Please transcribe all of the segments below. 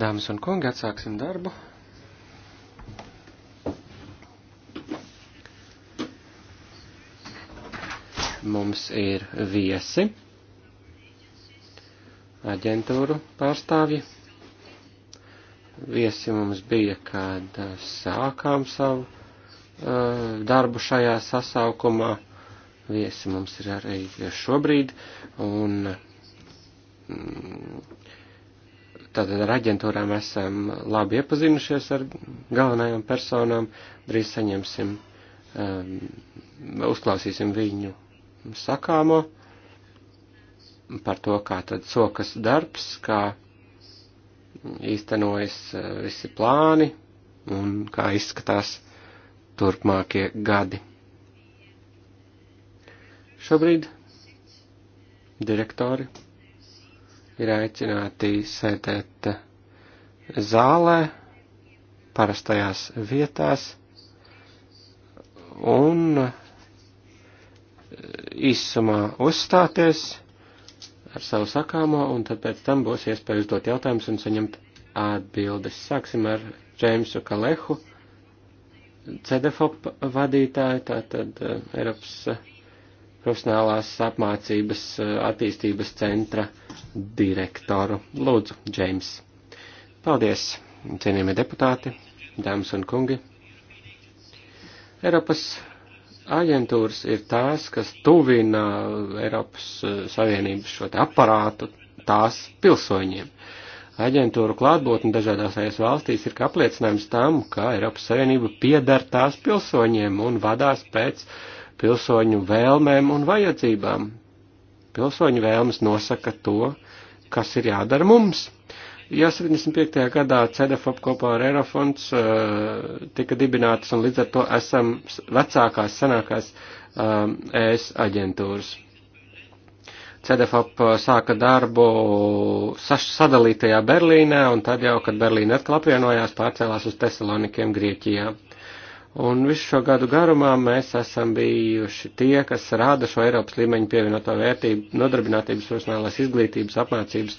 Dāmas un kungi, atsāksim darbu. Mums ir viesi, aģentūru pārstāvji. Viesi mums bija, kad sākām savu uh, darbu šajā sasaukumā. Viesi mums ir arī šobrīd. Un, mm, Tātad ar aģentūrām esam labi iepazinušies ar galvenajām personām, drīz saņemsim, um, uzklausīsim viņu sakāmo par to, kā tad sokas darbs, kā īstenojas uh, visi plāni un kā izskatās turpmākie gadi. Šobrīd direktori ir aicināti sēdēt zālē, parastajās vietās un īsumā uzstāties ar savu sakāmo, un tad pēc tam būs iespēja uzdot jautājumus un saņemt atbildes. Sāksim ar Džeimsu Kalehu, CDFOP vadītāju, tātad eh, Eiropas eh, profesionālās apmācības eh, attīstības centra direktoru. Lūdzu, Džeims. Paldies, cienījamie deputāti, dāmas un kungi. Eiropas aģentūras ir tās, kas tuvina Eiropas eh, Savienības šo te aparātu tās pilsoņiem. Aģentūru klātbūtne dažādās ASV valstīs ir kā apliecinājums tam, ka Eiropas Savienība piedar tās pilsoņiem un vadās pēc uh, pilsoņu vēlmēm un vajadzībām. Pilsoņu vēlmes nosaka to, kas ir jādara mums. Ja 75. gadā CDFOP kopā ar Eirofonds uh, tika dibinātas un līdz ar to esam vecākās, senākās um, e uh, ES aģentūras. CDFOP sāka darbu sadalītajā Berlīnē un tad jau, kad Berlīna atkal apvienojās, pārcēlās uz Tesalonikiem Grieķijā. Uh, Un visu šo gadu garumā mēs esam bijuši tie, kas rāda šo Eiropas līmeņu pievienoto vērtību nodarbinātības profesionālās izglītības apmācības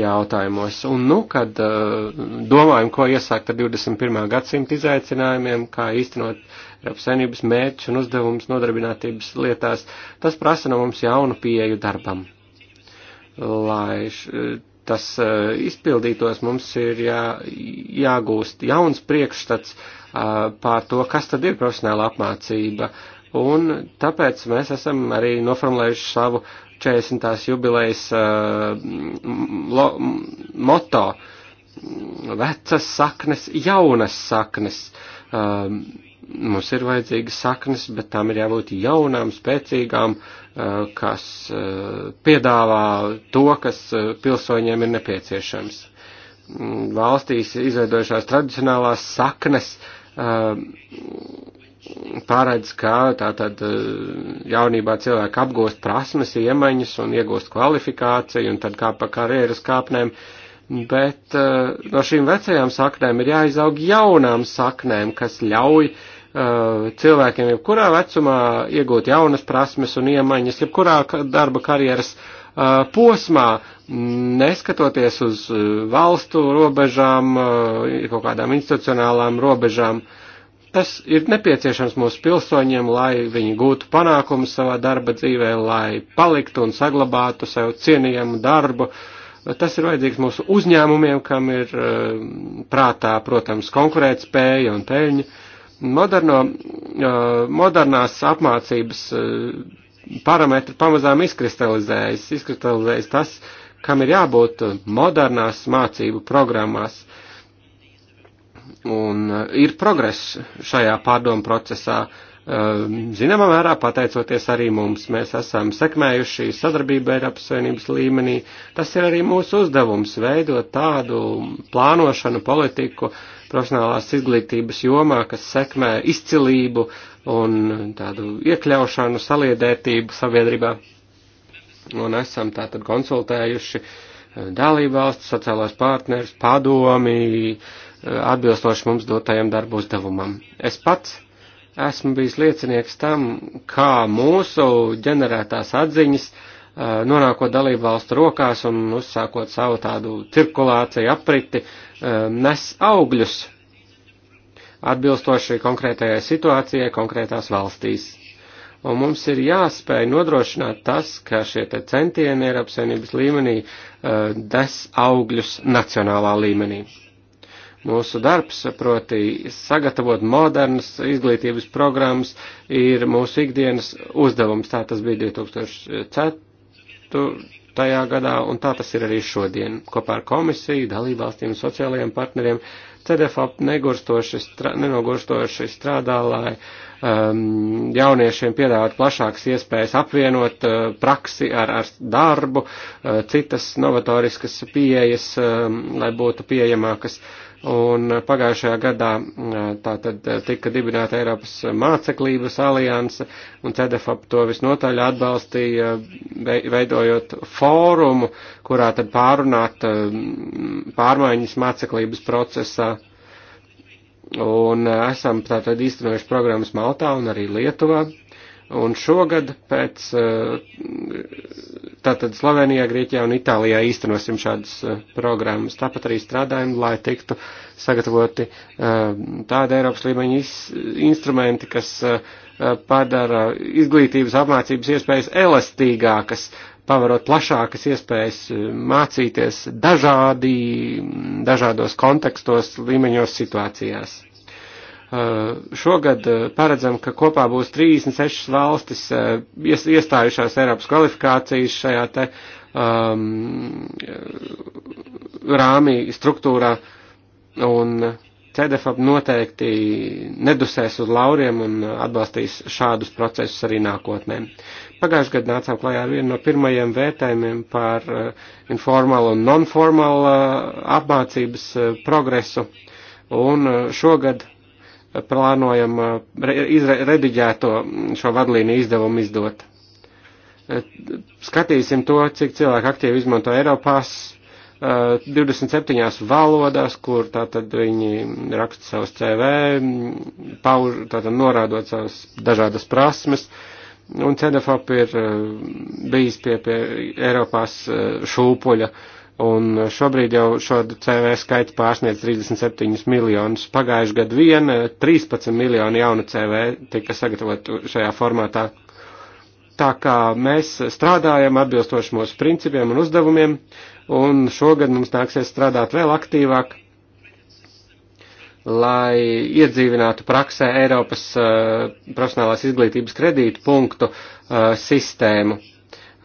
jautājumos. Un nu, kad uh, domājam, ko iesākt ar 21. gadsimta izaicinājumiem, kā īstenot Eiropas saimnības mērķus un uzdevumus nodarbinātības lietās, tas prasa no mums jaunu pieeju darbam. Lai š, tas uh, izpildītos, mums ir jā, jāgūst jauns priekšstats uh, pār to, kas tad ir profesionāla apmācība. Un tāpēc mēs esam arī noformulējuši savu 40. jubilejas uh, lo, moto - vecas saknes, jaunas saknes. Uh, Mums ir vajadzīgas saknes, bet tām ir jābūt jaunām, spēcīgām, eh, kas eh, piedāvā to, kas eh, pilsoņiem ir nepieciešams. Mm, valstīs izveidojušās tradicionālās saknes paredz, ka tātad jaunībā cilvēki apgūst prasmes, iemaņas un iegūst kvalifikāciju un tad kā pa karjeras kāpnēm, bet no šīm vecajām saknēm ir jāizaug jaunām saknēm, kas ļauj uh, Uh, cilvēkiem jebkurā vecumā iegūt jaunas prasmes un iemaņas, jebkurā darba karjeras uh, posmā, neskatoties uz uh, valstu robežām, kaut kādām institucionālām robežām. Tas ir nepieciešams mūsu pilsoņiem, lai viņi gūtu panākumu savā darba dzīvē, lai paliktu un saglabātu sev cienījamu darbu. Tas ir vajadzīgs mūsu uzņēmumiem, kam ir prātā, protams, konkurētspēja un peļņa Moderno, uh, modernās apmācības uh, parametri pamazām izkristalizējas, izkristalizējas tas, kam ir jābūt modernās mācību programmās. Un uh, ir progress šajā pārdomu procesā. Um, zināmā mērā pateicoties arī mums, mēs esam sekmējuši sadarbību Eiropas Savienības līmenī. Tas ir arī mūsu uzdevums veidot tādu plānošanu politiku, uh, profesionālās izglītības jomā, kas sekmē izcilību un tādu iekļaušanu, saliedētību sabiedrībā. Un esam tātad konsultējuši eh, dalībvalstu, sociālos partnerus, padomi, eh, atbilstoši mums dotajam darbu uzdevumam. Es pats esmu bijis liecinieks tam, kā mūsu ģenerētās atziņas uh, nonākot dalību valstu rokās un uzsākot savu tādu cirkulāciju apriti, nes augļus atbilstoši konkrētajai situācijai konkrētās valstīs. Un mums ir jāspēj nodrošināt tas, ka šie te centieni Eiropas Savienības līmenī des augļus nacionālā līmenī. Mūsu darbs, proti sagatavot modernas izglītības programmas, ir mūsu ikdienas uzdevums. Tā tas bija 2004 budžetu tajā gadā, un tā tas ir arī šodien. Kopā ar komisiju, dalībvalstīm un sociālajiem partneriem CDFAP strā, nenogurstoši strādā, lai um, jauniešiem piedāvāt plašākas iespējas apvienot uh, praksi ar, ar darbu, uh, citas novatoriskas pieejas, um, lai būtu pieejamākas uh, un pagājušajā gadā tā tad tika dibināta Eiropas māceklības alianse, un CDFAP to visnotaļ atbalstīja, veidojot fórumu, kurā tad pārunāt pārmaiņas māceklības procesā. Un esam tātad īstenojuši programmas Maltā un arī Lietuvā. Un šogad pēc, eh, tātad Slovenijā, Grieķijā un Itālijā īstenosim šādas eh, programmas. Tāpat arī strādājam, lai tiktu sagatavoti eh, tāda Eiropas līmeņa instrumenti, kas padara izglītības apmācības iespējas elastīgākas, pavarot plašākas iespējas mācīties dažādi, dažādos kontekstos, līmeņos, situācijās. Eh, šogad eh, paredzam, ka kopā būs 36 valstis eh, iestājušās Eiropas kvalifikācijas šajā te um, rāmī struktūrā, un CDFAP noteikti nedusēs uz lauriem un atbalstīs šādus procesus arī nākotnē. Pagājušajā gadā nācām klajā ar vienu no pirmajiem vērtējumiem par informālu un nonformālu apmācības progresu, un šogad plānojam uh, rediģēto šo vadlīniju izdevumu izdot. Uh, skatīsim to, cik cilvēki aktīvi izmanto Eiropās 27 uh, valodās, kur tātad viņi raksta savus CV, pauž, tātad norādot savas dažādas prasmes. Un CDFOP ir bijis pie, pie Eiropās šūpuļa uh, un šobrīd jau šo CV skaitu pārsniedz 37 miljonus. Pagājuši gadu vien 13 eh, miljoni jaunu CV tika sagatavot šajā formātā. Tā kā mēs strādājam atbilstoši mūsu principiem un uzdevumiem, un šogad mums nāksies strādāt vēl aktīvāk, lai iedzīvinātu praksē Eiropas uh, profesionālās izglītības kredītu punktu uh, sistēmu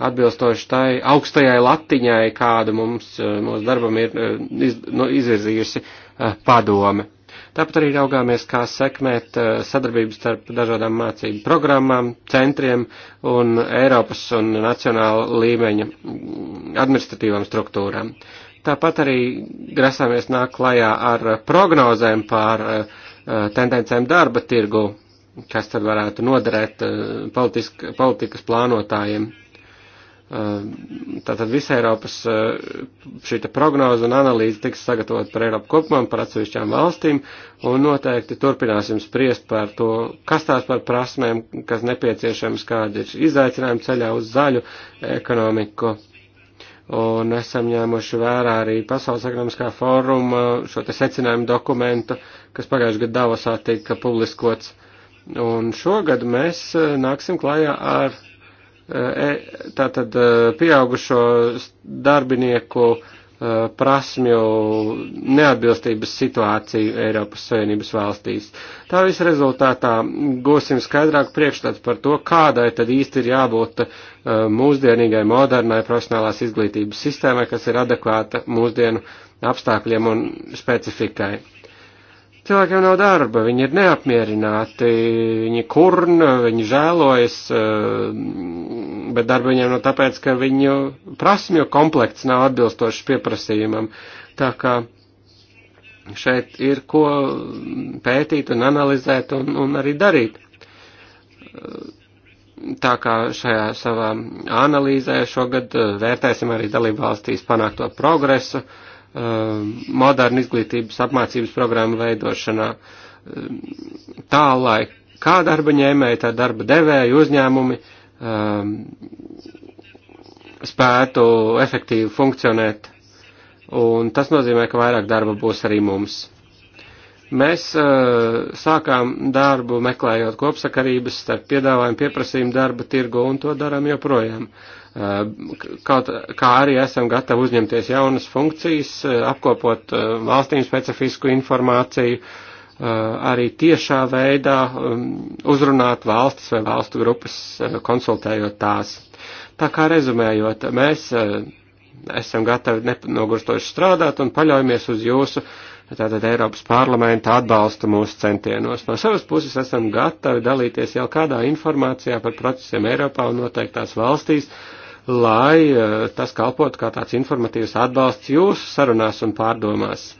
atbilstoši tai augstajai latiņai, kādu mums eh, mūsu darbam ir eh, iz, no, nu, izvirzījusi eh, padome. Tāpat arī raugāmies, kā sekmēt sadarbības starp dažādām mācību programmām, centriem un Eiropas un nacionāla līmeņa mm, administratīvām struktūrām. Tāpat arī grasāmies nāk klajā ar prognozēm pār tendencēm darba tirgu, kas tad varētu noderēt politisk, politikas plānotājiem Ehm, tātad visa Eiropas eh, šī prognoza un analīze tiks sagatavot par Eiropu kopumā, par atsevišķām valstīm, un noteikti turpināsim spriest par to, kas tās par prasmēm, kas nepieciešams, kādi ir izaicinājumi ceļā uz zaļu ekonomiku. Un esam ņēmuši vērā arī Pasaules ekonomiskā fóruma eh, šo te secinājumu dokumentu, kas pagājušajā gadā Davosā tika publiskots. Un šogad mēs eh, nāksim klājā ar E, tātad e, pieaugušo darbinieku e, prasmju neatbilstības situāciju Eiropas Savienības valstīs. Tā visa rezultātā gūsim skaidrāku priekšstatu par to, kādai tad īsti ir jābūt mūsdienīgai modernai profesionālās izglītības sistēmai, kas ir adekvāta mūsdienu apstākļiem un specifikai. Cilvēkiem nav darba, viņi ir neapmierināti, viņi kurna, viņi žēlojas, eh, bet darba viņiem nav tāpēc, ka viņu prasmju komplekts nav atbilstošs pieprasījumam. Tā kā šeit ir ko pētīt un analizēt un, un arī darīt. Tā kā šajā savā analīzē šogad eh, vērtēsim arī dalību valstīs panākto progresu. Uh, Eh, modernu izglītības apmācības programmu veidošanā. Eh, tā, lai kā darba ņēmēji, tā darba devēji uzņēmumi eh, spētu efektīvi funkcionēt. Un tas nozīmē, ka vairāk darba būs arī mums. Mēs uh, sākām darbu meklējot kopsakarības starp piedāvājumu pieprasījumu darba tirgu un to darām joprojām. Uh, Eh, kā, kā arī esam gatavi uzņemties jaunas funkcijas, eh, apkopot eh, valstīm specifisku informāciju, arī tiešā veidā um, uzrunāt valstis vai valstu grupas, konsultējot tās. Tā kā rezumējot, mēs esam gatavi nenogurstoši strādāt un paļaujamies uz jūsu tātad Eiropas parlamenta atbalstu mūsu centienos. No savas puses esam gatavi dalīties jau kādā informācijā par procesiem Eiropā un noteiktās valstīs, uh, lai eh, tas kalpotu kā tāds informatīvs atbalsts jūsu sarunās un pārdomās.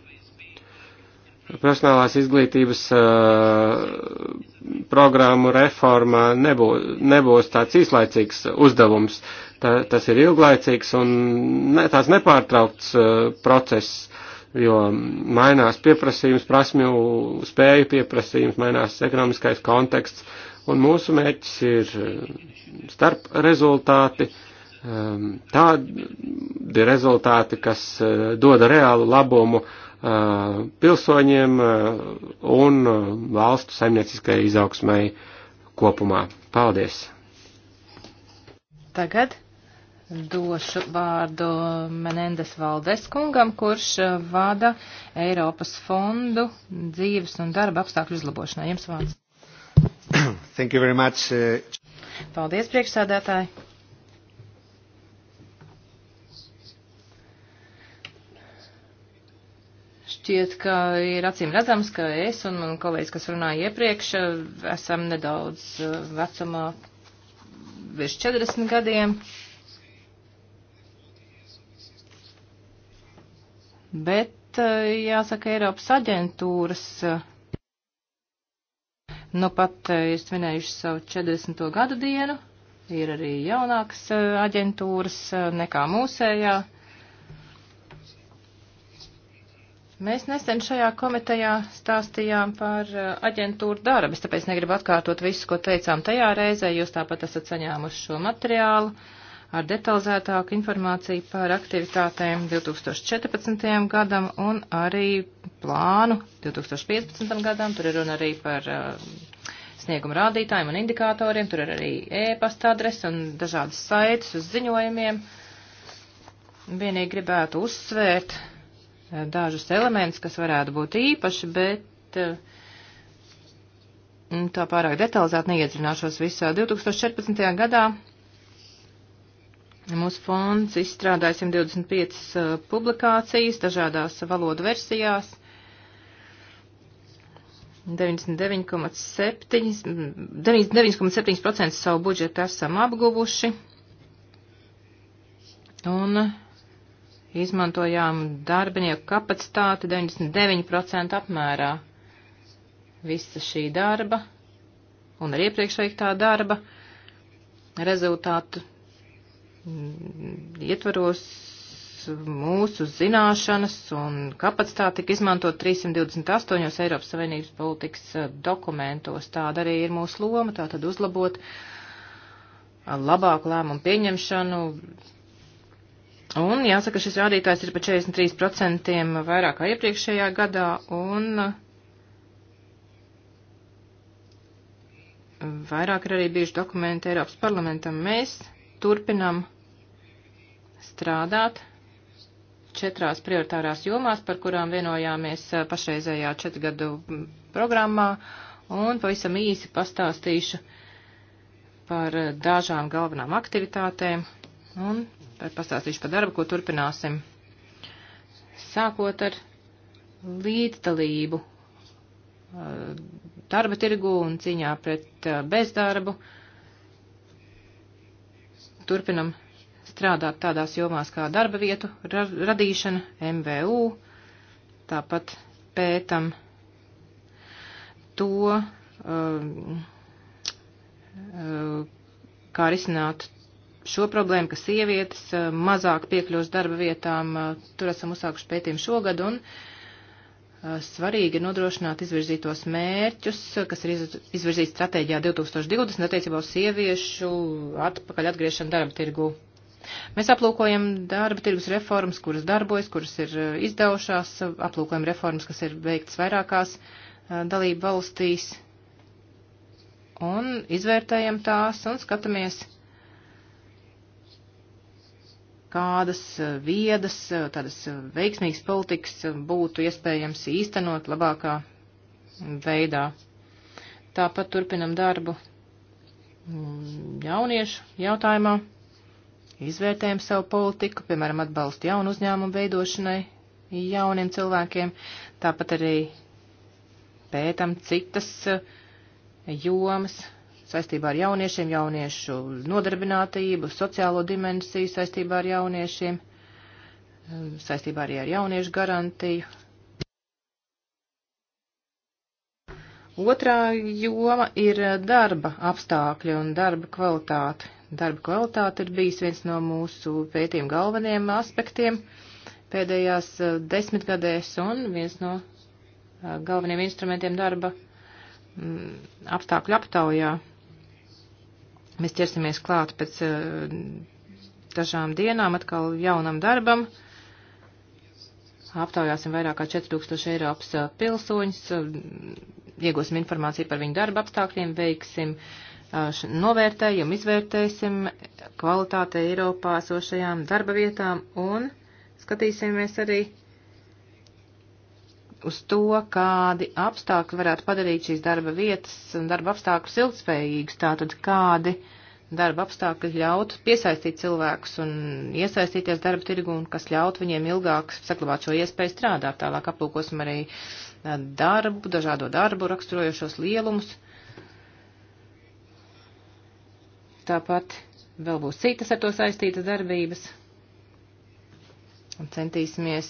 Profesionālās izglītības uh, programmu reforma nebū, nebūs tāds īslaicīgs uzdevums. Tā, tas ir ilglaicīgs un ne, tāds nepārtraukts uh, process, jo mainās pieprasījums, prasmju spēju pieprasījums, mainās ekonomiskais konteksts, un mūsu mērķis ir starp rezultāti. Uh, Um, tādi rezultāti, kas uh, doda reālu labumu uh, pilsoņiem uh, un valstu saimnieciskai izaugsmai kopumā. Paldies! Tagad došu vārdu Menendes Valdes kungam, kurš vada Eiropas fondu dzīves un darba apstākļu uzlabošanai. Jums vārds. Thank you very much. Paldies, priekšsādātāji. šķiet, ka ir acīm redzams, ka es un man kolēģis, kas runāja iepriekš, esam nedaudz eh, vecumā virs 40 gadiem. Bet eh, jāsaka, Eiropas aģentūras eh, nu pat ir svinējuši savu 40. gadu dienu. Ir arī jaunākas aģentūras nekā mūsējā. Ja Mēs nesen šajā komitejā stāstījām par uh, aģentūru darbus, tāpēc negribu atkārtot visu, ko teicām tajā reizē. Jūs tāpat esat saņēmuši šo materiālu ar detalizētāku informāciju par aktivitātēm 2014. gadam un arī plānu 2015. gadam. Tur ir runa arī par uh, snieguma rādītājiem un indikatoriem, tur ir arī e-pasta adrese un dažādas saites uz ziņojumiem. Vienīgi gribētu uzsvērt dažus elementus, kas varētu būt īpaši, bet eh, tā pārāk detalizēti neiedzināšos visā. 2014. gadā mūsu fonds izstrādāja 125 eh, publikācijas dažādās valodu versijās. 99,7% savu budžetu esam apguvuši. Un izmantojām darbinieku kapacitāti 99% apmērā. Visa šī darba un arī iepriekš veiktā darba rezultātu mm, ietvaros mūsu zināšanas un kapacitāti tika izmantot 328 Eiropas Savienības politikas eh, dokumentos. Tāda arī ir mūsu loma, tā tad uzlabot labāku lēmumu pieņemšanu, Un jāsaka, šis rādītājs ir pa 43% vairāk kā iepriekšējā gadā, un vairāk ir arī bijuši dokumenti Eiropas parlamentam. Mēs turpinam strādāt četrās prioritārās jomās, par kurām vienojāmies eh, pašreizējā četrgadu mm, programmā, un pavisam īsi pastāstīšu par eh, dažām galvenām aktivitātēm, un tad pastāstīšu par darbu, ko turpināsim. Sākot ar līdzdalību eh, darba tirgu un cīņā pret eh, bezdarbu. Turpinam strādāt tādās jomās kā darba vietu ra radīšana, MVU, tāpat pētam to, uh, uh, kā risināt šo problēmu, ka sievietes eh, mazāk piekļūst darba vietām, eh, tur esam uzsākuši pētījumu šogad un eh, svarīgi ir nodrošināt izvirzītos mērķus, kas ir izvirzīti stratēģijā 2020 attiecībā uz sieviešu atpakaļ atgriešanu darba tirgu. Mēs aplūkojam darba tirgus reformas, kuras darbojas, kuras ir izdevušās, aplūkojam reformas, kas ir veikts vairākās dalību valstīs un izvērtējam tās un skatāmies kādas eh, viedas, eh, tādas eh, veiksmīgas politikas būtu iespējams īstenot labākā veidā. Tāpat turpinam darbu mm, jauniešu jautājumā, izvērtējam savu politiku, piemēram, atbalstu jaunu uzņēmumu veidošanai jauniem cilvēkiem, tāpat arī pētam citas jomas, saistībā ar jauniešiem, jauniešu nodarbinātību, sociālo dimensiju saistībā ar jauniešiem, um, saistībā arī ar jauniešu garantiju. Otrā joma ir uh, darba apstākļi un darba kvalitāte. Darba kvalitāte ir bijis viens no mūsu pētījuma galvenajiem aspektiem pēdējās uh, desmitgadēs un viens no uh, galveniem instrumentiem darba mm, apstākļu aptaujā. Mēs ķersimies klāt pēc eh, dažām dienām atkal jaunam darbam. Aptaujāsim vairāk kā 4000 Eiropas eh, pilsoņus, eh, iegūsim informāciju par viņu darba apstākļiem, veiksim novērtējumu, izvērtēsim kvalitāti Eiropā sošajām darba vietām un skatīsimies arī uz to, kādi apstākļi varētu padarīt šīs darba vietas un darba apstākļus ilgspējīgus, tātad kādi darba apstākļi ļautu piesaistīt cilvēkus un iesaistīties darba tirgu un kas ļautu viņiem ilgāk saglabāt šo iespēju strādāt. Tālāk aplūkosim arī eh, darbu, dažādo darbu raksturojošos lielumus. Tāpat vēl būs citas ar to saistītas darbības. Un centīsimies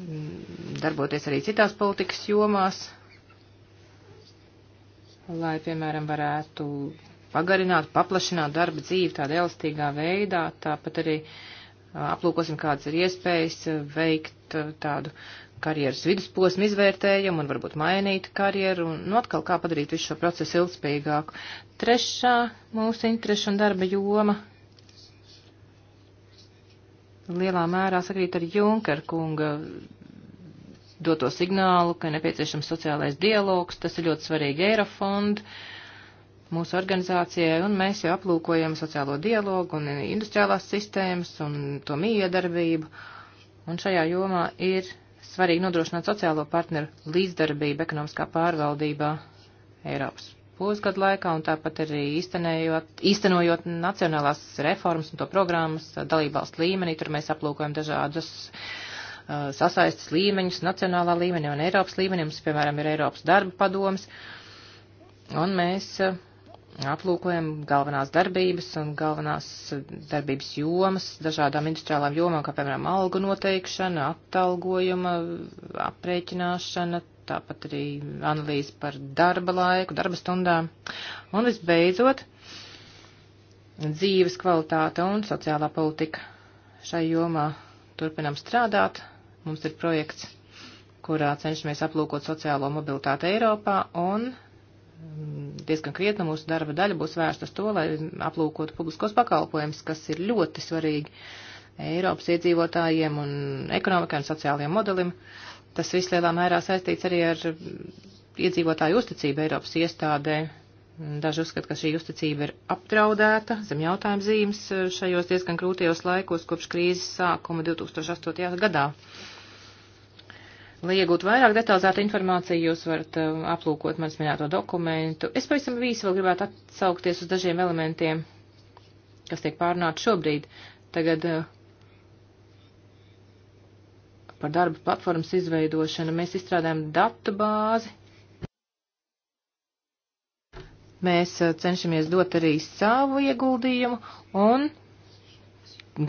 Mm, darboties arī citās politikas jomās, lai, piemēram, varētu pagarināt, paplašināt darba dzīvi tādā elastīgā veidā, tāpat arī aplūkosim, kādas ir iespējas veikt tādu karjeras vidusposmu izvērtējumu un varbūt mainīt karjeru un nu, atkal kā padarīt visu šo procesu ilgspējīgāku. Trešā mūsu interešu un darba joma lielā mērā sakrīt ar Junkera kunga doto signālu, ka nepieciešams sociālais dialogs, tas ir ļoti svarīgi Eirofondu mūsu organizācijai, un mēs jau aplūkojam sociālo dialogu un industriālās sistēmas un to miedarbību, un šajā jomā ir svarīgi nodrošināt sociālo partneru līdzdarbību ekonomiskā pārvaldībā Eiropas pusgadu laikā un tāpat arī īstenojot nacionālās reformas un to programmas dalībvalstu līmenī. Tur mēs aplūkojam dažādus uh, sasaistas līmeņus nacionālā līmenī un Eiropas līmenī. Mums, piemēram, ir Eiropas darba padoms un mēs uh, aplūkojam galvenās darbības un galvenās darbības jomas dažādām industriālām jomām, kā piemēram algu noteikšana, atalgojuma, aprēķināšana, tāpat arī analīze par darba laiku, darba stundām. Un visbeidzot, dzīves kvalitāte un sociālā politika. Šai jomā turpinam strādāt. Mums ir projekts, kurā cenšamies aplūkot sociālo mobilitāti Eiropā un mm, diezgan krietna mūsu darba daļa būs vērsta uz to, lai aplūkotu publiskos pakalpojumus, kas ir ļoti svarīgi Eiropas iedzīvotājiem un ekonomikai un sociālajiem modelim. Uh, Tas viss lielā mērā saistīts arī ar iedzīvotāju uzticību Eiropas iestādē. Daži uzskata, ka šī uzticība ir apdraudēta zem jautājuma zīmes šajos diezgan grūtajos laikos kopš krīzes sākuma 2008. gadā. Lai iegūtu vairāk detalizētu informāciju, jūs varat uh, aplūkot manis minēto dokumentu. Es pavisam īsi vēl gribētu atsaukties uz dažiem elementiem, kas tiek pārnāti šobrīd. Tagad uh, par darba platformas izveidošanu. Mēs izstrādājam datu bāzi. Mēs eh, cenšamies dot arī savu ieguldījumu un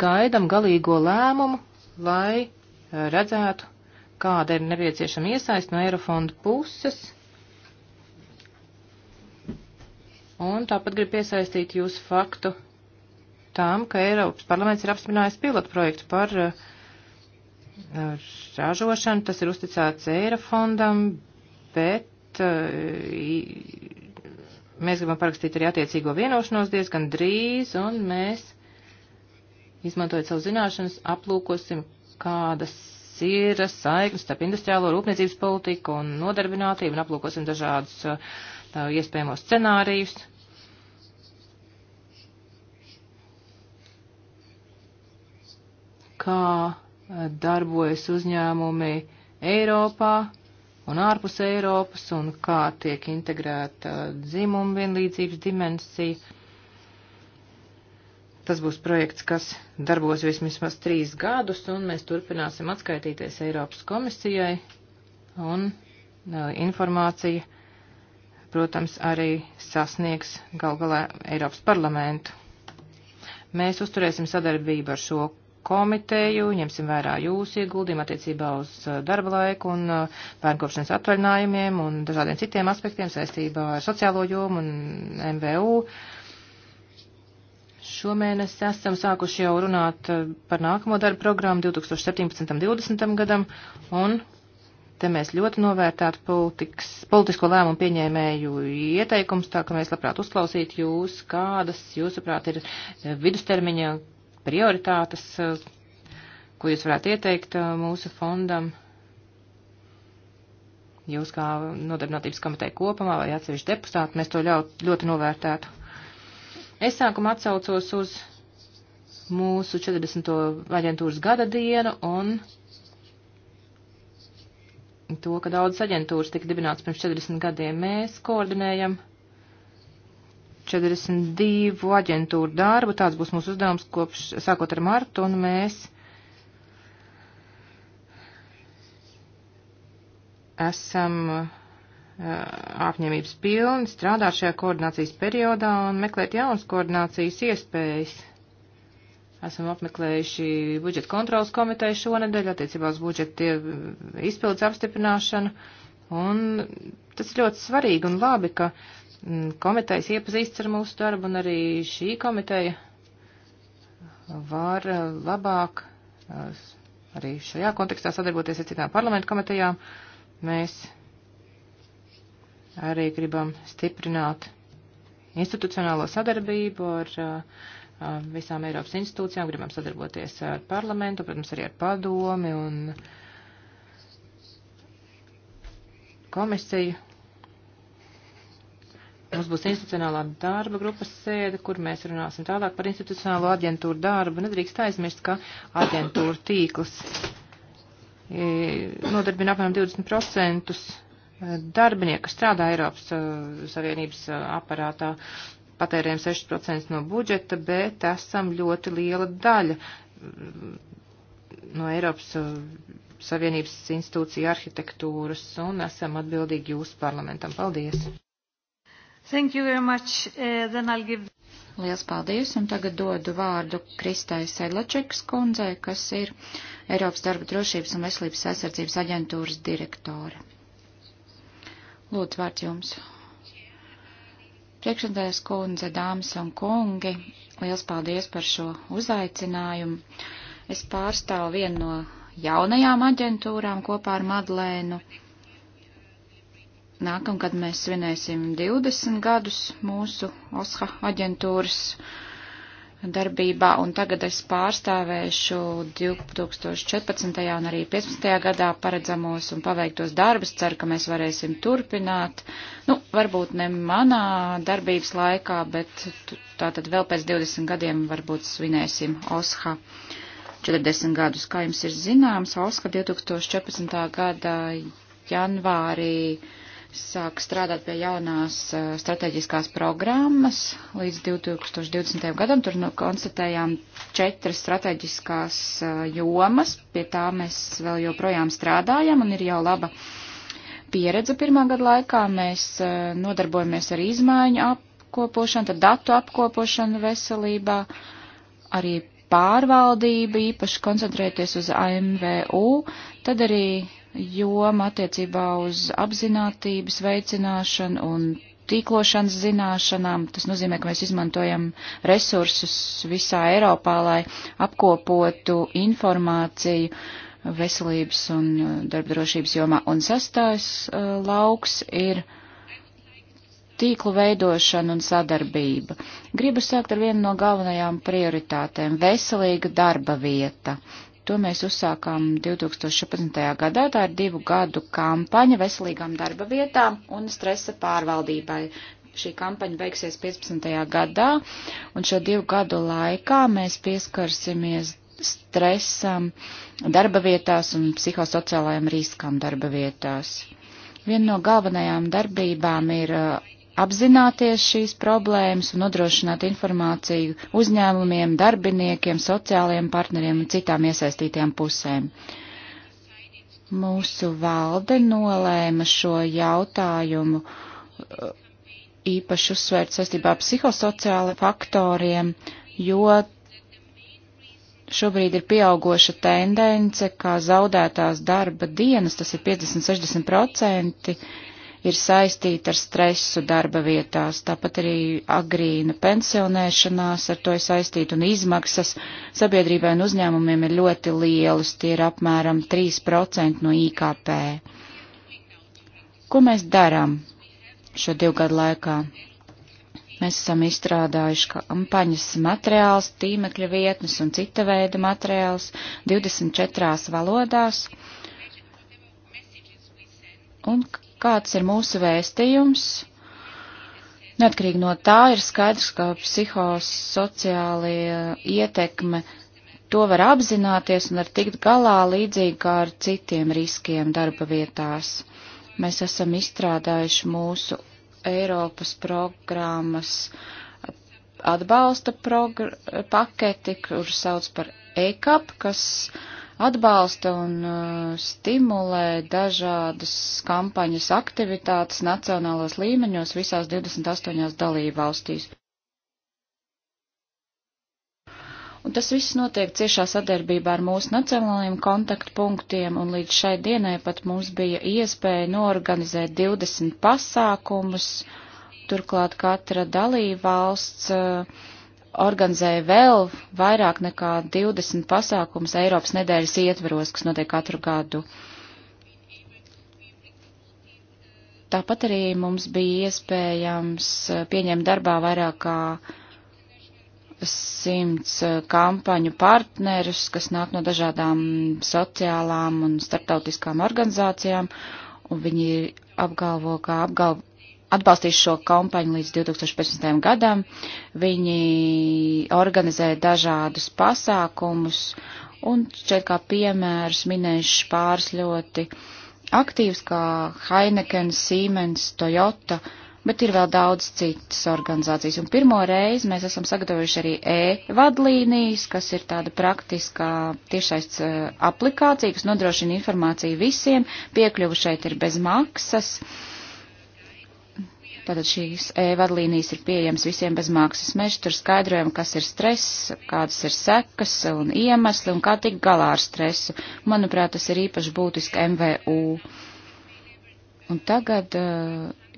gaidam galīgo lēmumu, lai eh, redzētu, kāda ir nepieciešama iesaist no Eirofonda puses. Un tāpat grib piesaistīt jūsu faktu tām, ka Eiropas parlaments ir apspinājis pilotu projektu par uh, ražošanu, tas ir uzticēts Eirofondam, bet eh, mēs gribam parakstīt arī attiecīgo vienošanos diezgan drīz, un mēs, izmantojot savu zināšanas, aplūkosim, kādas ir saiknes starp industriālo rūpniecības politiku un nodarbinātību, un aplūkosim dažādus eh, tā, iespējamos scenārijus. Kā darbojas uzņēmumi Eiropā un ārpus Eiropas un kā tiek integrēta dzimuma vienlīdzības dimensija. Tas būs projekts, kas darbos vismaz trīs gadus, un mēs turpināsim atskaitīties Eiropas komisijai, un e, informācija, protams, arī sasniegs gal galā Eiropas parlamentu. Mēs uzturēsim sadarbību ar šo komiteju, ņemsim vērā jūsu ieguldījumu attiecībā uz uh, darba laiku un uh, bērnkopšanas atvaļinājumiem un dažādiem citiem aspektiem saistībā ar sociālo jomu un MVU. Šomēnes esam sākuši jau runāt uh, par nākamo darba programmu 2017-2020 gadam un te mēs ļoti novērtētu politikas, politisko lēmumu pieņēmēju ieteikums, tā ka mēs labprāt uzklausītu jūs, kādas, jūsuprāt, ir vidustermiņa prioritātes, eh, ko jūs varētu ieteikt eh, mūsu fondam? Jūs kā nodarbinātības komiteja kopumā vai atsevišķi deputāti, mēs to ļoti, ļoti novērtētu. Es sākumā atsaucos uz mūsu 40. aģentūras gada dienu un to, ka daudzas aģentūras tika dibināts pirms 40 gadiem, mēs koordinējam 42 aģentūru darbu. Tāds būs mūsu uzdevums kopš sākot ar martu, un mēs esam apņemības pilni strādāt šajā koordinācijas periodā un meklēt jaunas koordinācijas iespējas. Esam apmeklējuši budžeta kontrolas komiteju šonedēļ attiecībā uz budžeta izpildes apstiprināšanu, un tas ir ļoti svarīgi un labi, ka uh, Mm, komitejas iepazīstas ar mūsu darbu, un arī šī komiteja var eh, labāk eh, arī šajā kontekstā sadarboties ar citām parlamentu komitejām. Mēs arī gribam stiprināt institucionālo sadarbību ar eh, visām Eiropas institūcijām, gribam sadarboties ar parlamentu, protams, arī ar padomi un komisiju Mums būs institucionālā darba grupas sēde, kur mēs runāsim tālāk par institucionālo aģentūru darbu. Nedrīkst aizmirst, ka aģentūra tīkls e, nodarbina apmēram 20% e, darbinieku, kas strādā Eiropas e, Savienības aparātā. Patērējam 6% no budžeta, bet esam ļoti liela daļa mm, no Eiropas Savienības institūcija arhitektūras un esam atbildīgi jūsu parlamentam. Paldies! Thank you very much. Uh, then I'll give... Liels paldies, un tagad dodu vārdu Kristai Sedlačekas kundzei, kas ir Eiropas darba drošības un veselības aizsardzības aģentūras direktore. Lūdzu, vārds jums. Priekšsēdājas kundze, dāmas un kungi, liels paldies par šo uzaicinājumu. Es pārstāvu vienu no jaunajām aģentūrām kopā ar Madlēnu Nākamgad mēs svinēsim 20 gadus mūsu OSHA aģentūras darbībā, un tagad es pārstāvēšu 2014. un arī 15. gadā paredzamos un paveiktos darbus. Ceru, ka mēs varēsim turpināt. Nu, varbūt ne manā darbības laikā, bet tātad vēl pēc 20 gadiem varbūt svinēsim OSHA. 40 gadus, kā jums ir zināms, OSHA 2014. gada janvārī sāk strādāt pie jaunās eh, strateģiskās programmas līdz 2020. gadam. Tur nu, konstatējām četras strateģiskās eh, jomas, pie tā mēs vēl joprojām strādājam un ir jau laba pieredze pirmā gada laikā. Mēs eh, nodarbojamies ar izmaiņu apkopošanu, tad datu apkopošanu veselībā, arī pārvaldību, īpaši koncentrēties uz AMVU, tad arī joma attiecībā uz apzinātības veicināšanu un tīklošanas zināšanām. Tas nozīmē, ka mēs izmantojam resursus visā Eiropā, lai apkopotu informāciju veselības un uh, darbdrošības jomā. Un sastais uh, lauks ir tīklu veidošana un sadarbība. Gribu sākt ar vienu no galvenajām prioritātēm - veselīga darba vieta. Uh, To mēs uzsākām 2014. gadā. Tā ir divu gadu kampaņa veselīgām darba vietām un stresa pārvaldībai šī kampaņa beigsies 15. gadā, un šo divu gadu laikā mēs pieskarsimies stresam darba vietās un psihosociālajiem riskam darba vietās. Viena no galvenajām darbībām ir apzināties šīs problēmas un nodrošināt informāciju uzņēmumiem, darbiniekiem, sociālajiem partneriem un citām iesaistītajām pusēm. Mūsu valde nolēma šo jautājumu uh, īpaši uzsvērt saistībā ar psihosociālajiem faktoriem, jo šobrīd ir pieaugoša tendence, kā zaudētās darba dienas, tas ir 50-60%, ir saistīta ar stresu darba vietās, tāpat arī agrīna pensionēšanās ar to ir saistīta un izmaksas sabiedrībai un uzņēmumiem ir ļoti lielas, tie ir apmēram 3% no IKP. Ko mēs darām šo divu gadu laikā? Mēs esam izstrādājuši kampaņas materiāls, tīmekļa vietnes un cita veida materiāls 24 valodās. Un kāds ir mūsu vēstījums. Neatkarīgi no tā ir skaidrs, ka psihosociālie uh, ietekme to var apzināties un var tikt galā līdzīgi kā ar citiem riskiem darba vietās. Mēs esam izstrādājuši mūsu Eiropas programmas atbalsta progr paketi, kuru sauc par ECAP, kas uh, atbalsta un uh, stimulē dažādas kampaņas aktivitātes nacionālos līmeņos visās 28 dalībvalstīs. Un tas viss notiek ciešā sadarbībā ar mūsu nacionālajiem kontaktpunktiem, un līdz šai dienai pat mums bija iespēja norganizēt 20 pasākumus, turklāt katra dalībvalsts uh, organizēja vēl vairāk nekā 20 pasākums Eiropas nedēļas ietveros, kas notiek katru gadu. Tāpat arī mums bija iespējams eh, pieņemt darbā vairāk kā simts eh, kampaņu partnerus, kas nāk no dažādām sociālām un starptautiskām organizācijām, un viņi apgalvo, ka apgalvo atbalstīs šo kampaņu līdz 2015. gadam. Viņi organizē dažādus pasākumus, un šeit kā piemērs minējuši pāris ļoti aktīvs, kā Heineken, Siemens, Toyota, bet ir vēl daudz citas organizācijas. Un pirmo reizi mēs esam sagatavojuši arī e-vadlīnijas, kas ir tāda praktiskā tiešais e, aplikācija, kas nodrošina informāciju visiem. Piekļuvu šeit ir bez maksas. Uh, Tātad šīs e-vadlīnijas ir pieejamas visiem bez mākslas meža. Tur skaidrojam, kas ir stress, kādas ir sekas un iemesli un kā tikt galā ar stresu. Manuprāt, tas ir īpaši būtiski MVU. Un tagad uh,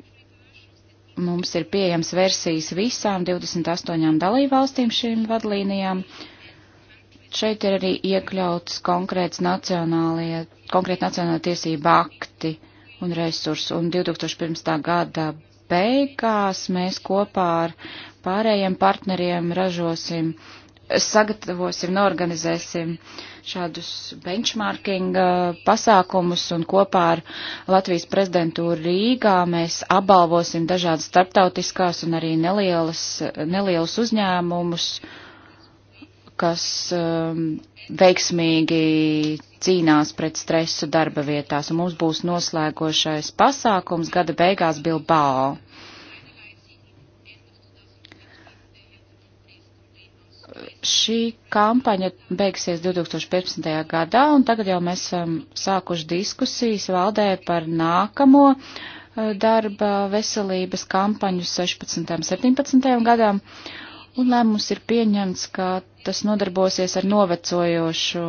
mums ir pieejams versijas visām 28 dalībvalstīm šīm vadlīnijām. Šeit ir arī iekļauts konkrēts nacionālie, konkrēti nacionālajie tiesība akti un resursi. Un 2001. gada beigās mēs kopā ar pārējiem partneriem ražosim, sagatavosim, norganizēsim šādus benchmarking uh, pasākumus un kopā ar Latvijas prezidentūru Rīgā mēs apbalvosim dažādas starptautiskās un arī nelielas, nelielus uzņēmumus, kas um, veiksmīgi cīnās pret stresu darba vietās, un mums būs noslēgošais pasākums gada beigās Bilbao. šī kampaņa beigsies 2015. gadā, un tagad jau mēs esam sākuši diskusijas valdē par nākamo eh, darba veselības kampaņu 16. un 17. gadam, un lēmums ir pieņemts, ka tas nodarbosies ar novecojošu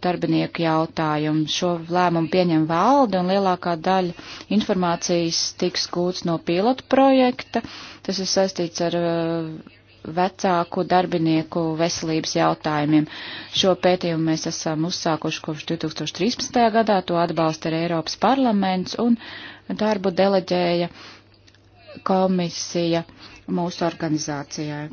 darbinieku jautājumu. Šo lēmumu pieņem valde, un lielākā daļa informācijas tiks gūts no pilotu projekta. Tas ir saistīts ar uh, vecāku darbinieku veselības jautājumiem. Šo pētījumu mēs esam uzsākuši kopš 2013. gadā, to atbalsta arī Eiropas parlaments un darbu deleģēja komisija mūsu organizācijai.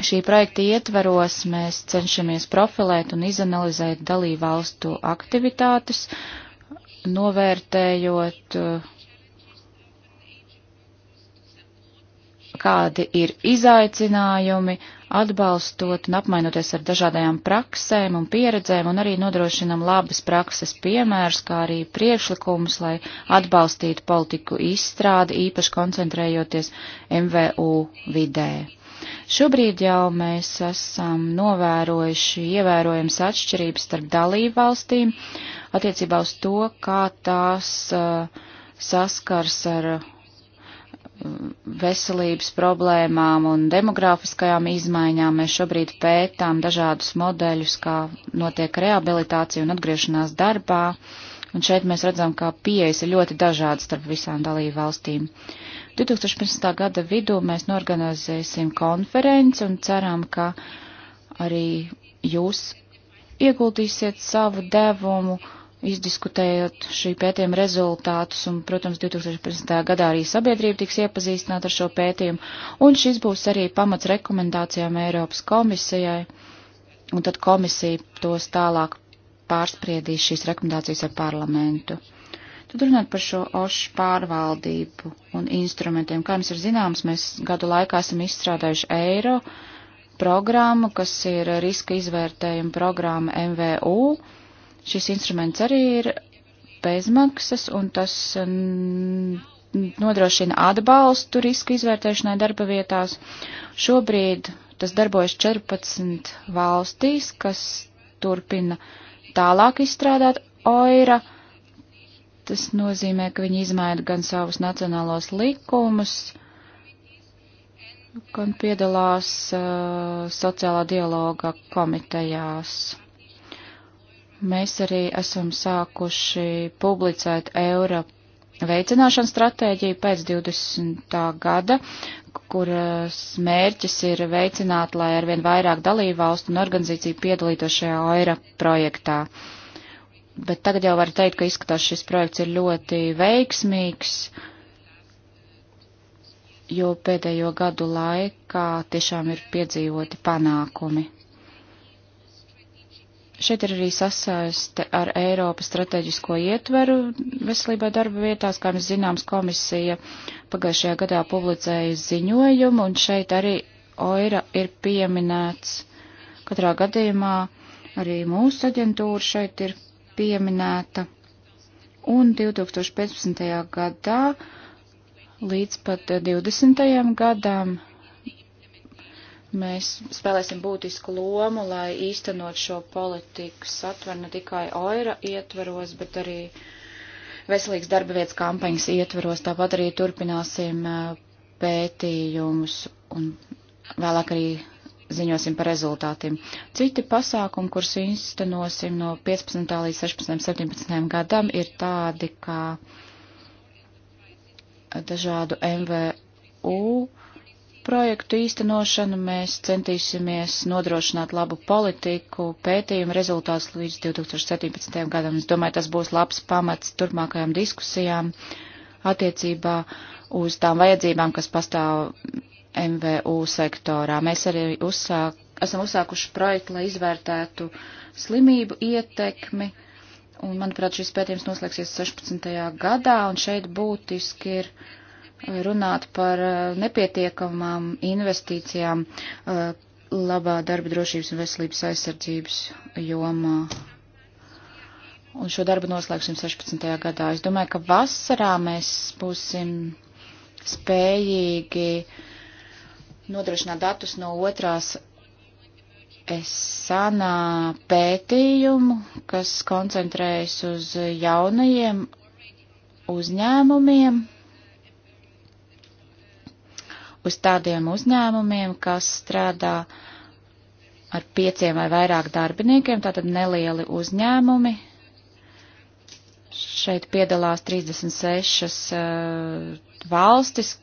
Šī projekta ietveros mēs cenšamies profilēt un izanalizēt dalību valstu aktivitātes, novērtējot uh, kādi ir izaicinājumi, atbalstot un apmainoties ar dažādajām praksēm un pieredzēm, un arī nodrošinam labas prakses piemērs, kā arī priekšlikumus, lai atbalstītu politiku izstrādi, īpaši koncentrējoties MVU vidē. Šobrīd jau mēs esam novērojuši ievērojams atšķirības starp dalību valstīm attiecībā uz to, kā tās uh, saskars ar veselības problēmām un demografiskajām izmaiņām mēs šobrīd pētām dažādus modeļus, kā notiek rehabilitācija un atgriešanās darbā, un šeit mēs redzam, ka pieejas ir ļoti dažādas starp visām dalību valstīm. 2015. gada vidū mēs norganizēsim konferenci un ceram, ka arī jūs ieguldīsiet savu devumu izdiskutējot šī pētījuma rezultātus, un, protams, 2015. gadā arī sabiedrība tiks iepazīstināta ar šo pētījumu, un šis būs arī pamats rekomendācijām Eiropas komisijai, un tad komisija tos tālāk pārspriedīs šīs rekomendācijas ar parlamentu. Tad runāt par šo ošu pārvaldību un instrumentiem. Kā jums ir zināms, mēs gadu laikā esam izstrādājuši eiro programmu, kas ir riska izvērtējuma programma MVU Šis instruments arī ir bezmaksas, un tas nodrošina atbalstu riska izvērtēšanai darba vietās. Šobrīd tas darbojas 14 valstīs, kas turpina tālāk izstrādāt OIRA. Tas nozīmē, ka viņi izmaina gan savus nacionālos likumus, gan piedalās uh, sociālā dialoga komitejās. Mēs arī esam sākuši publicēt eiro veicināšanas stratēģiju pēc 20. gada, kuras mērķis ir veicināt, lai arvien vairāk dalībvalstu un organizāciju piedalītos šajā eiro projektā. Bet tagad jau var teikt, ka izskatās šis projekts ir ļoti veiksmīgs, jo pēdējo gadu laikā tiešām ir piedzīvoti panākumi. Šeit ir arī sasaiste ar Eiropas strateģisko ietveru veselībā darba vietās, kā mēs zināms, komisija pagājušajā gadā publicēja ziņojumu, un šeit arī OIRA ir pieminēts. Katrā gadījumā arī mūsu aģentūra šeit ir pieminēta. Un 2015. gadā līdz pat 20. gadam Mēs spēlēsim būtisku lomu, lai īstenot šo politiku satver ne tikai oira ietvaros, bet arī veselīgas darba vietas kampaņas ietvaros. Tāpat arī turpināsim pētījumus un vēlāk arī ziņosim par rezultātiem. Citi pasākumi, kurus īstenosim no 15. līdz 16. 17. gadam, ir tādi kā dažādu MVU projektu īstenošanu mēs centīsimies nodrošināt labu politiku, pētījumu rezultātus līdz 2017. gadam. Es domāju, tas būs labs pamats turpmākajām diskusijām attiecībā uz tām vajadzībām, kas pastāv MVU sektorā. Mēs arī uzsāk, esam uzsākuši projektu, lai izvērtētu slimību ietekmi. Un, manuprāt, šis pētījums noslēgsies 16. gadā, un šeit būtiski ir uh, runāt par uh, nepietiekamām investīcijām uh, labā darba drošības un veselības aizsardzības jomā. Un šo darbu noslēgsim 16. gadā. Es domāju, ka vasarā mēs būsim spējīgi nodrošināt datus no otrās esanā pētījumu, kas koncentrējas uz jaunajiem uzņēmumiem uz tādiem uzņēmumiem, kas strādā ar pieciem vai vairāk darbiniekiem, tātad nelieli uzņēmumi. Šeit piedalās 36 uh, eh, valstis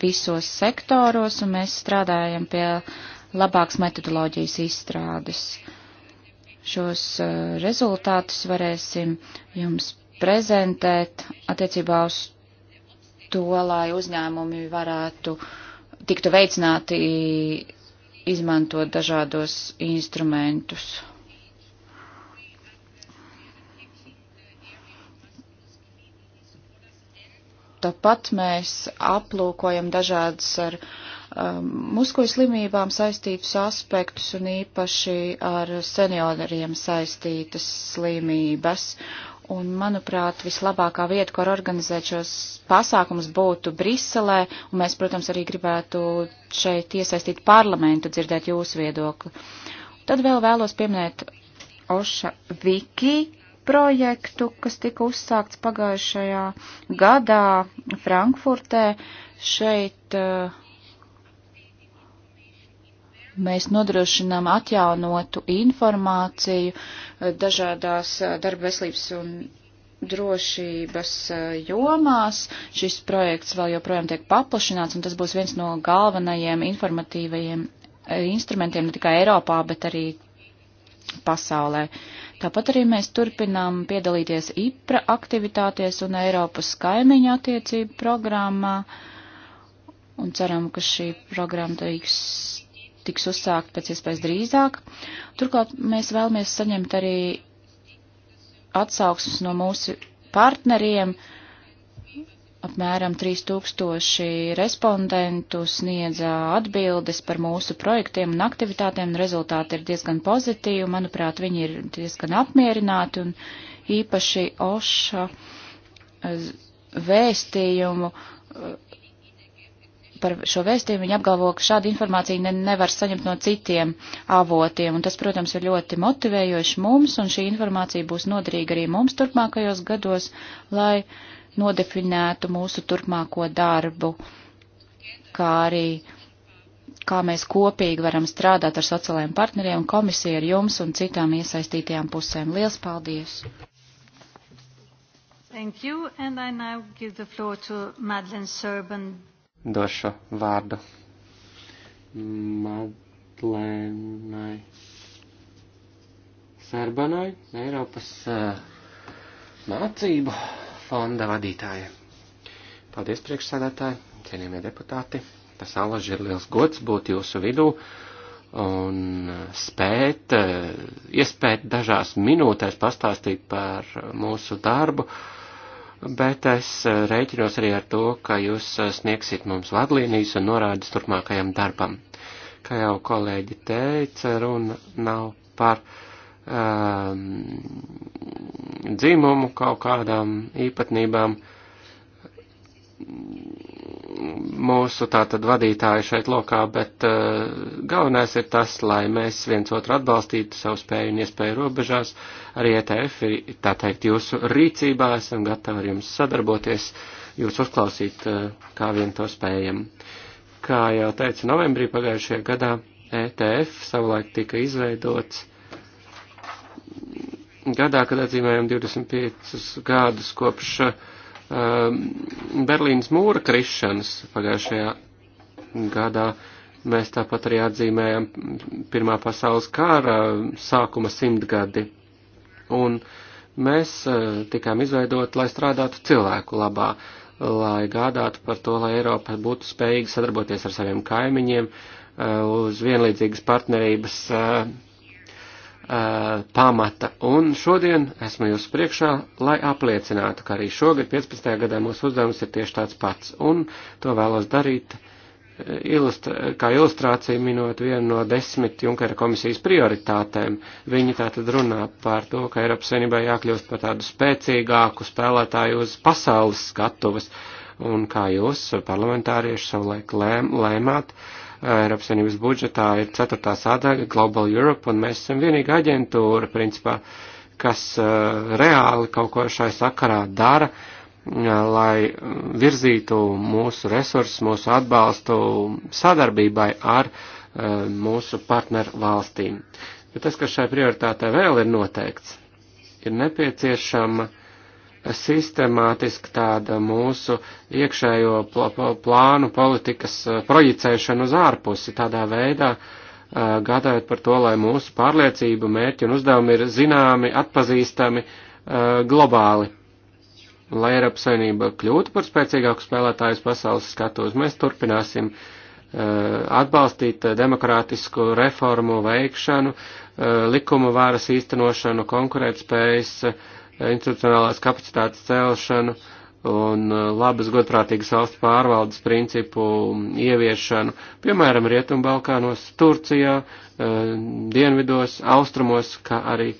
visos sektoros, un mēs strādājam pie labāks metodoloģijas izstrādes. Šos uh, rezultātus varēsim jums prezentēt attiecībā uz to, lai uzņēmumi varētu uh, tiktu veicināti izmantot dažādos instrumentus. Tāpat mēs aplūkojam dažādas ar um, muskuļu slimībām saistītus aspektus un īpaši ar senioriem saistītas slimības. Uh, Un, manuprāt, vislabākā vieta, kur organizēt šos pasākumus, būtu Briselē, un mēs, protams, arī gribētu šeit iesaistīt parlamentu, dzirdēt jūsu viedokli. Tad vēl vēlos pieminēt Oša Viki projektu, kas tika uzsākts pagājušajā gadā Frankfurtē. Šeit uh, mēs nodrošinām atjaunotu informāciju eh, dažādās eh, darba veselības un drošības eh, jomās. Šis projekts vēl joprojām tiek paplašināts, un tas būs viens no galvenajiem informatīvajiem instrumentiem ne tikai Eiropā, bet arī pasaulē. Tāpat arī mēs turpinām piedalīties IPRA aktivitātēs un Eiropas kaimiņu attiecību programmā, un ceram, ka šī programma tiks tiks uzsākt pēc iespējas drīzāk. Turklāt mēs vēlamies saņemt arī atsauksmes no mūsu partneriem. Apmēram 3000 respondentu sniedza atbildes par mūsu projektiem un aktivitātēm, un rezultāti ir diezgan pozitīvi. Manuprāt, viņi ir diezgan apmierināti un īpaši Oša vēstījumu par šo vēstījumu, viņi apgalvo, ka šādu informāciju ne, nevar saņemt no citiem avotiem, un tas, protams, ir ļoti motivējoši mums, un šī informācija būs noderīga arī mums turpmākajos gados, lai nodefinētu mūsu turpmāko darbu, kā arī kā mēs kopīgi varam strādāt ar sociālajiem partneriem un komisiju ar jums un citām iesaistītajām pusēm. Liels paldies! Thank you, and I now give the floor to Madeleine Serban došu vārdu Madlēnai Serbanai, Eiropas uh, mācību fonda vadītājai. Paldies, priekšsēdētāji, cienījamie deputāti. Tas alaž ir liels gods būt jūsu vidū un eh, spēt, eh, iespēt dažās minūtēs pastāstīt par mūsu darbu. Uh, bet es eh, rēķinos arī ar to, ka jūs eh, sniegsit mums vadlīnijas un norādes turpmākajam darbam. Kā jau kolēģi teica, runa nav par um, dzimumu kaut kādām īpatnībām. Uh, mūsu tātad vadītāji šeit lokā, bet uh, galvenais ir tas, lai mēs viens otru atbalstītu savu spēju un iespēju robežās. Arī ETF ir, tā teikt, jūsu rīcībā, esam gatavi ar jums sadarboties, jūs uzklausīt, uh, kā vien to spējam. Kā jau teicu, novembrī pagājušajā gadā ETF savulaik tika izveidots gadā, kad atzīmējam 25 gadus kopš uh, Ehm, Berlīnas mūra krišanas pagājušajā gadā. Mēs tāpat arī atzīmējam Pirmā pasaules kara sākuma simtgadi. Un mēs e, tikām izveidot, lai strādātu cilvēku labā, lai gādātu par to, lai Eiropa būtu spējīga sadarboties ar saviem kaimiņiem e, uz vienlīdzīgas partnerības e, pamata. Un šodien esmu jūs priekšā, lai apliecinātu, ka arī šogad 15. gadā mūsu uzdevums ir tieši tāds pats. Un to vēlos darīt ilustra kā ilustrāciju minot vienu no desmit Junkera komisijas prioritātēm. Viņi tātad runā par to, ka Eiropas Savienībai jākļūst par tādu spēcīgāku spēlētāju uz pasaules skatuves. Un kā jūs, parlamentārieši, savulaik lēm, lēmāt, uh, Eiropas Savienības budžetā ir ceturtā sādaļa Global Europe, un mēs esam vienīga aģentūra, principā, kas eh, reāli kaut ko šai sakarā dara, eh, lai virzītu mūsu resursus, mūsu atbalstu sadarbībai ar eh, mūsu partneru valstīm. Bet tas, kas šai prioritātei vēl ir noteikts, ir nepieciešama sistemātiski tāda mūsu iekšējo pl plānu politikas eh, projicēšana uz ārpusi tādā veidā, eh, gādājot par to, lai mūsu pārliecība, mērķi un uzdevumi ir zināmi, atpazīstami eh, globāli. Lai Eiropas Savienība kļūtu par spēcīgāku spēlētāju pasaules skatos, mēs turpināsim atbalstīt demokrātisku reformu veikšanu, likuma vāras īstenošanu, konkurētspējas, institucionālās kapacitātes celšanu un uh, labas godprātīgas valsts pārvaldes principu ieviešanu, piemēram, Rietumbalkānos, Turcijā, uh, Dienvidos, Austrumos, kā arī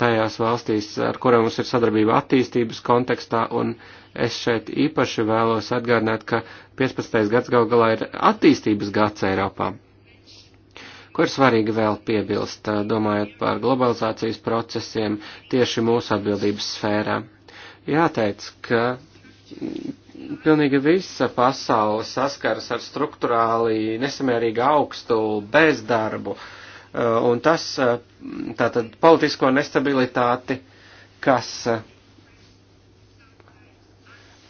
tajās valstīs, ar kurām mums ir sadarbība attīstības kontekstā, un es šeit īpaši vēlos atgādināt, ka 15. gads gal galā ir attīstības gads Eiropā. Ko ir svarīgi vēl piebilst, eh, domājot par globalizācijas procesiem tieši mūsu atbildības sfērā? Jāteic, ka pilnīgi visa pasaule saskaras ar struktūrāli nesamērīgi augstu bezdarbu, eh, un tas eh, tātad politisko nestabilitāti, kas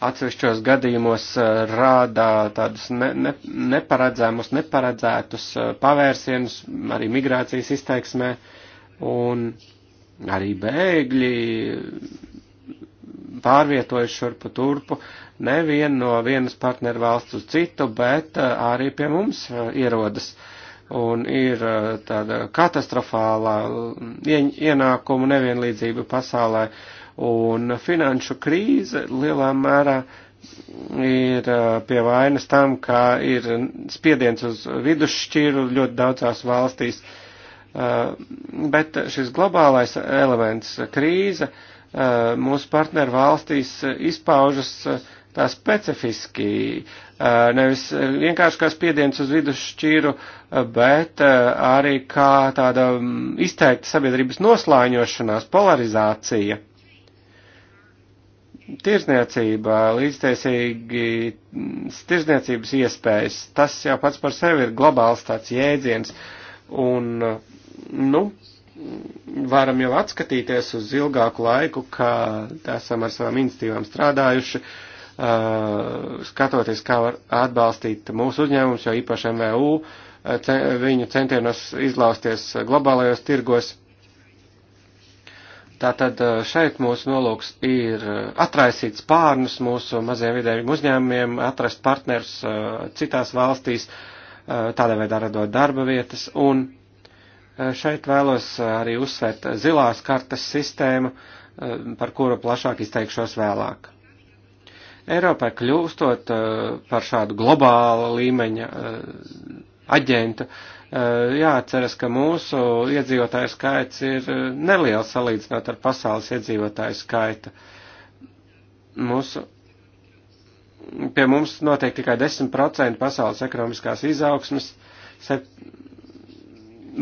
atsevišķos gadījumos eh, rāda tādus ne, ne, neparedzēmus, neparedzētus eh, pavērsienus arī migrācijas izteiksmē, un arī bēgļi pārvietojas šurpu turpu nevienu no vienas partneru valsts uz citu, bet eh, arī pie mums ierodas. Un ir tāda katastrofālā mm, ienākumu nevienlīdzība pasaulē. Uh, Un finanšu krīze lielā mērā ir uh, pie vainas tam, ka ir spiediens uz vidusšķiru ļoti daudzās valstīs. Uh, bet šis globālais elements krīze uh, mūsu partneru valstīs izpaužas tā specifiski, nevis vienkārši kā spiediens uz vidusšķiru, bet arī kā tāda mm, izteikta sabiedrības noslāņošanās, polarizācija. Tirzniecība, līdztiesīgi mm, tirzniecības iespējas, tas jau pats par sevi ir globāls tāds jēdziens, un, nu, varam jau atskatīties uz ilgāku laiku, kā esam ar savām institīvām strādājuši, uh, skatoties, kā var atbalstīt mūsu uzņēmumus, jo īpaši MVU, uh, viņu centienos izlausties globālajos tirgos Tātad eh, šeit mūsu nolūks ir eh, atraisīt spārnus mūsu maziem vidējiem uzņēmumiem, atrast partners eh, citās valstīs, tādā veidā radot darba vietas. Un šeit vēlos arī uzsvērt zilās kartas sistēmu, par kuru plašāk izteikšos vēlāk. Eiropai kļūstot par šādu globāla līmeņa aģentu, uh, Eh, jāatceras, ka mūsu iedzīvotāju skaits ir eh, neliels salīdzinot ar pasaules iedzīvotāju skaitu. Mūsu, pie mums notiek tikai 10% pasaules ekonomiskās izaugsmas, set,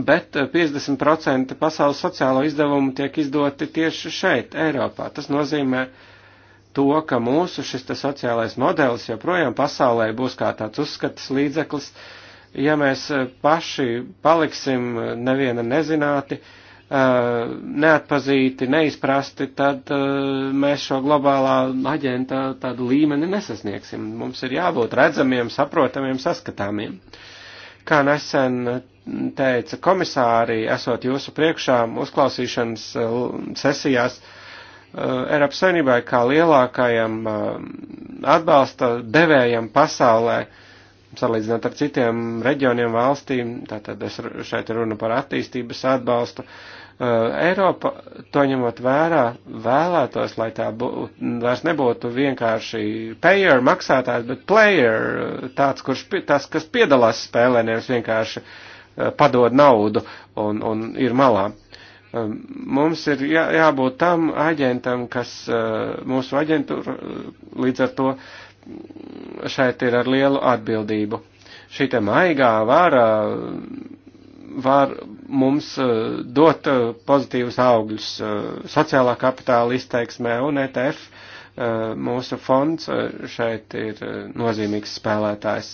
bet 50% eh, pasaules sociālo izdevumu tiek izdoti tieši šeit, Eiropā. Tas nozīmē, to, ka mūsu šis sociālais modelis joprojām pasaulē būs kā tāds uzskatas līdzeklis, uh, ja mēs eh, paši paliksim eh, neviena nezināti, eh, neatpazīti, neizprasti, tad mēs šo globālā aģenta tādu līmeni nesasniegsim. Mums ir jābūt redzamiem, saprotamiem, saskatāmiem. Kā nesen teica komisāri, esot jūsu priekšām uzklausīšanas sesijās, Eiropas Savienībai kā lielākajam atbalsta devējam pasaulē, uh, salīdzinot ar citiem reģioniem valstīm, tātad es šeit runu par attīstības atbalstu. Eiropa, to ņemot vērā, vēlētos, lai tā būtu, vairs nebūtu vienkārši payer, maksātājs, bet player, tāds, kurš, tas, kas piedalās spēlē, nevis vienkārši padod naudu un, un ir malā. Mums ir jā, jābūt tam aģentam, kas mūsu aģentūra līdz ar to uh, šeit ir ar lielu atbildību. Šī te maigā vara var mums eh, dot eh, pozitīvus augļus eh, sociālā kapitāla izteiksmē un ETF. Mūsu fonds šeit ir nozīmīgs spēlētājs.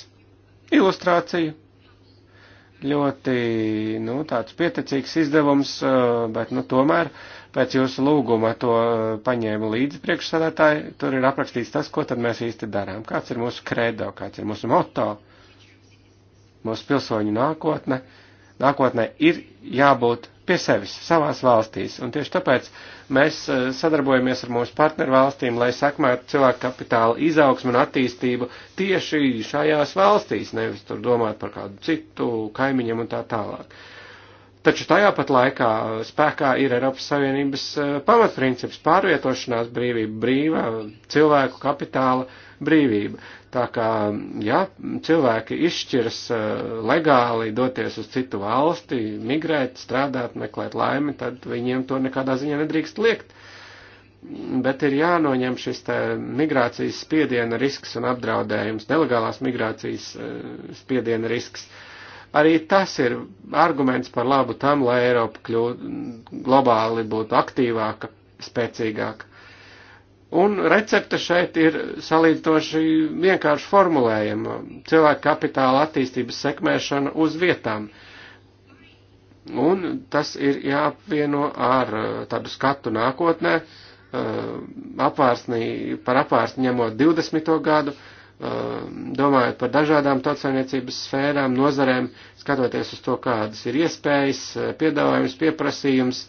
Ilustrācija. Ļoti, nu, tāds pieticīgs izdevums, bet, nu, tomēr uh, Pēc jūsu lūguma to eh, paņēmu līdzi priekšsēdētāji, tur ir aprakstīts tas, ko tad mēs īsti darām, kāds ir mūsu kredo, kāds ir mūsu moto, mūsu pilsoņu nākotne. Nākotnē ir jābūt pie sevis, savās valstīs, un tieši tāpēc mēs eh, sadarbojamies ar mūsu partneru valstīm, lai sekmētu cilvēku kapitāla izaugsmu un attīstību tieši šajās valstīs, nevis tur domāt par kādu citu kaimiņiem un tā tālāk. Uh, Taču tajā pat laikā uh, spēkā ir Eiropas Savienības uh, pamatprincips pārvietošanās brīvība, brīva cilvēku kapitāla brīvība. Tā kā, ja cilvēki izšķiras uh, legāli doties uz citu valsti, migrēt, strādāt, meklēt laimi, tad viņiem to nekādā ziņā nedrīkst liekt. Bet ir jānoņem šis te migrācijas spiediena risks un apdraudējums, nelegālās migrācijas spiediena risks. Uh, Arī tas ir arguments par labu tam, lai Eiropa kļūtu globāli būtu aktīvāka, spēcīgāka. Un recepte šeit ir salīdzinoši vienkārši formulējama - cilvēka kapitāla attīstības sekmēšana uz vietām. Un tas ir jāapvieno ar uh, tādu skatu nākotnē, uh, apvārsnī, par apvārsni ņemot 20. gadu, Um, domājot par dažādām tautsainiecības sfērām, nozarēm, skatoties uz to, kādas ir iespējas, eh, piedāvājums, pieprasījums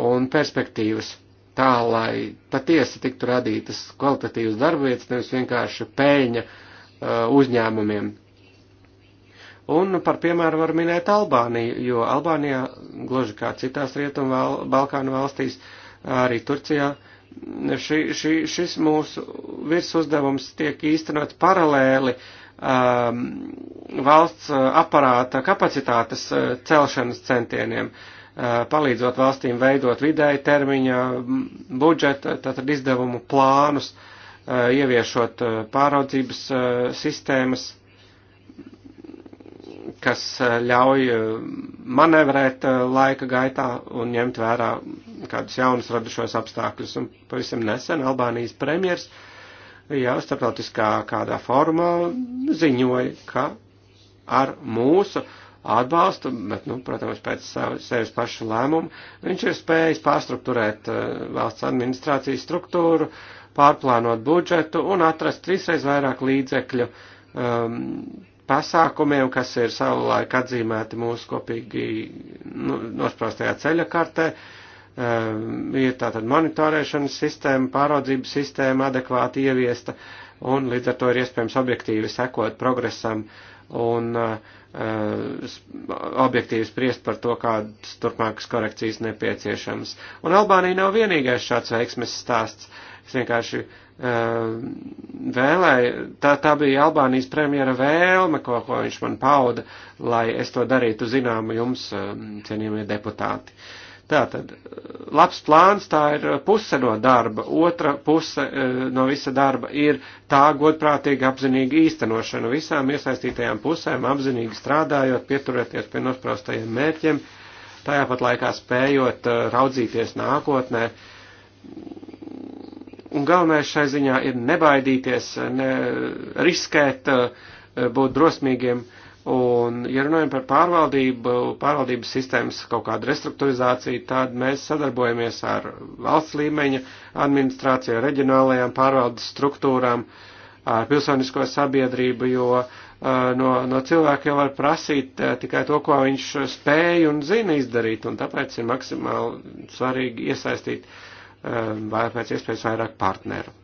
un perspektīvas. Tā, lai patiesi tiktu radītas kvalitatīvas darbvietas, nevis vienkārši pēļņa uh, uzņēmumiem. Un par piemēru var minēt Albāniju, jo Albānijā, gluži kā citās Rietumu Balkānu valstīs, arī Turcijā, uh, Ši, ši, šis mūsu virsuzdevums tiek īstenot paralēli um, valsts uh, aparāta kapacitātes uh, celšanas centieniem, uh, palīdzot valstīm veidot vidēji termiņa budžeta, tātad izdevumu plānus, uh, ieviešot uh, pāraudzības uh, sistēmas. Uh, kas eh, ļauj eh, manevrēt eh, laika gaitā un ņemt vērā kādus jaunus radušos apstākļus. Un pavisam nesen Albānijas premjers jau starptautiskā kādā formā ziņoja, ka ar mūsu atbalstu, bet, nu, protams, pēc sevis pašu lēmumu, viņš ir spējis pārstruktūrēt valsts administrācijas struktūru, pārplānot budžetu un atrast trīsreiz vairāk līdzekļu um, pasākumiem, kas ir savulaik atzīmēti mūsu kopīgi nu, nosprostajā ceļa kartē. Uh, Ehm, ir tātad monitorēšanas sistēma, pāraudzības sistēma adekvāti ieviesta, un līdz ar to ir iespējams objektīvi sekot progresam un eh, objektīvi spriest par to, kādas turpmākas korekcijas nepieciešamas. Un Albānija nav vienīgais šāds veiksmes stāsts. Es vienkārši uh, vēlēju, tā, tā bija Albānijas premjera vēlme, ko, ko viņš man pauda, lai es to darītu zināmu jums, uh, cienījamie deputāti. Uh, Tātad, labs plāns tā ir puse no darba, otra puse e, no visa darba ir tā godprātīga apzinīga īstenošana visām iesaistītajām pusēm, apzinīgi strādājot, pieturēties pie nosprostajiem mērķiem, tajā pat laikā spējot e, raudzīties nākotnē. Un galvenais šai ziņā ir nebaidīties, ne riskēt, e, būt drosmīgiem Un, ja runājam par pārvaldību, pārvaldības sistēmas kaut kādu restruktūrizāciju, tad mēs sadarbojamies ar valsts līmeņa administrāciju, reģionālajām pārvaldes struktūrām, ar pilsonisko sabiedrību, jo uh, no, no cilvēka jau var prasīt uh, tikai to, ko viņš spēj un zina izdarīt, un tāpēc ir maksimāli svarīgi iesaistīt uh, vai pēc iespējas vairāk partneru.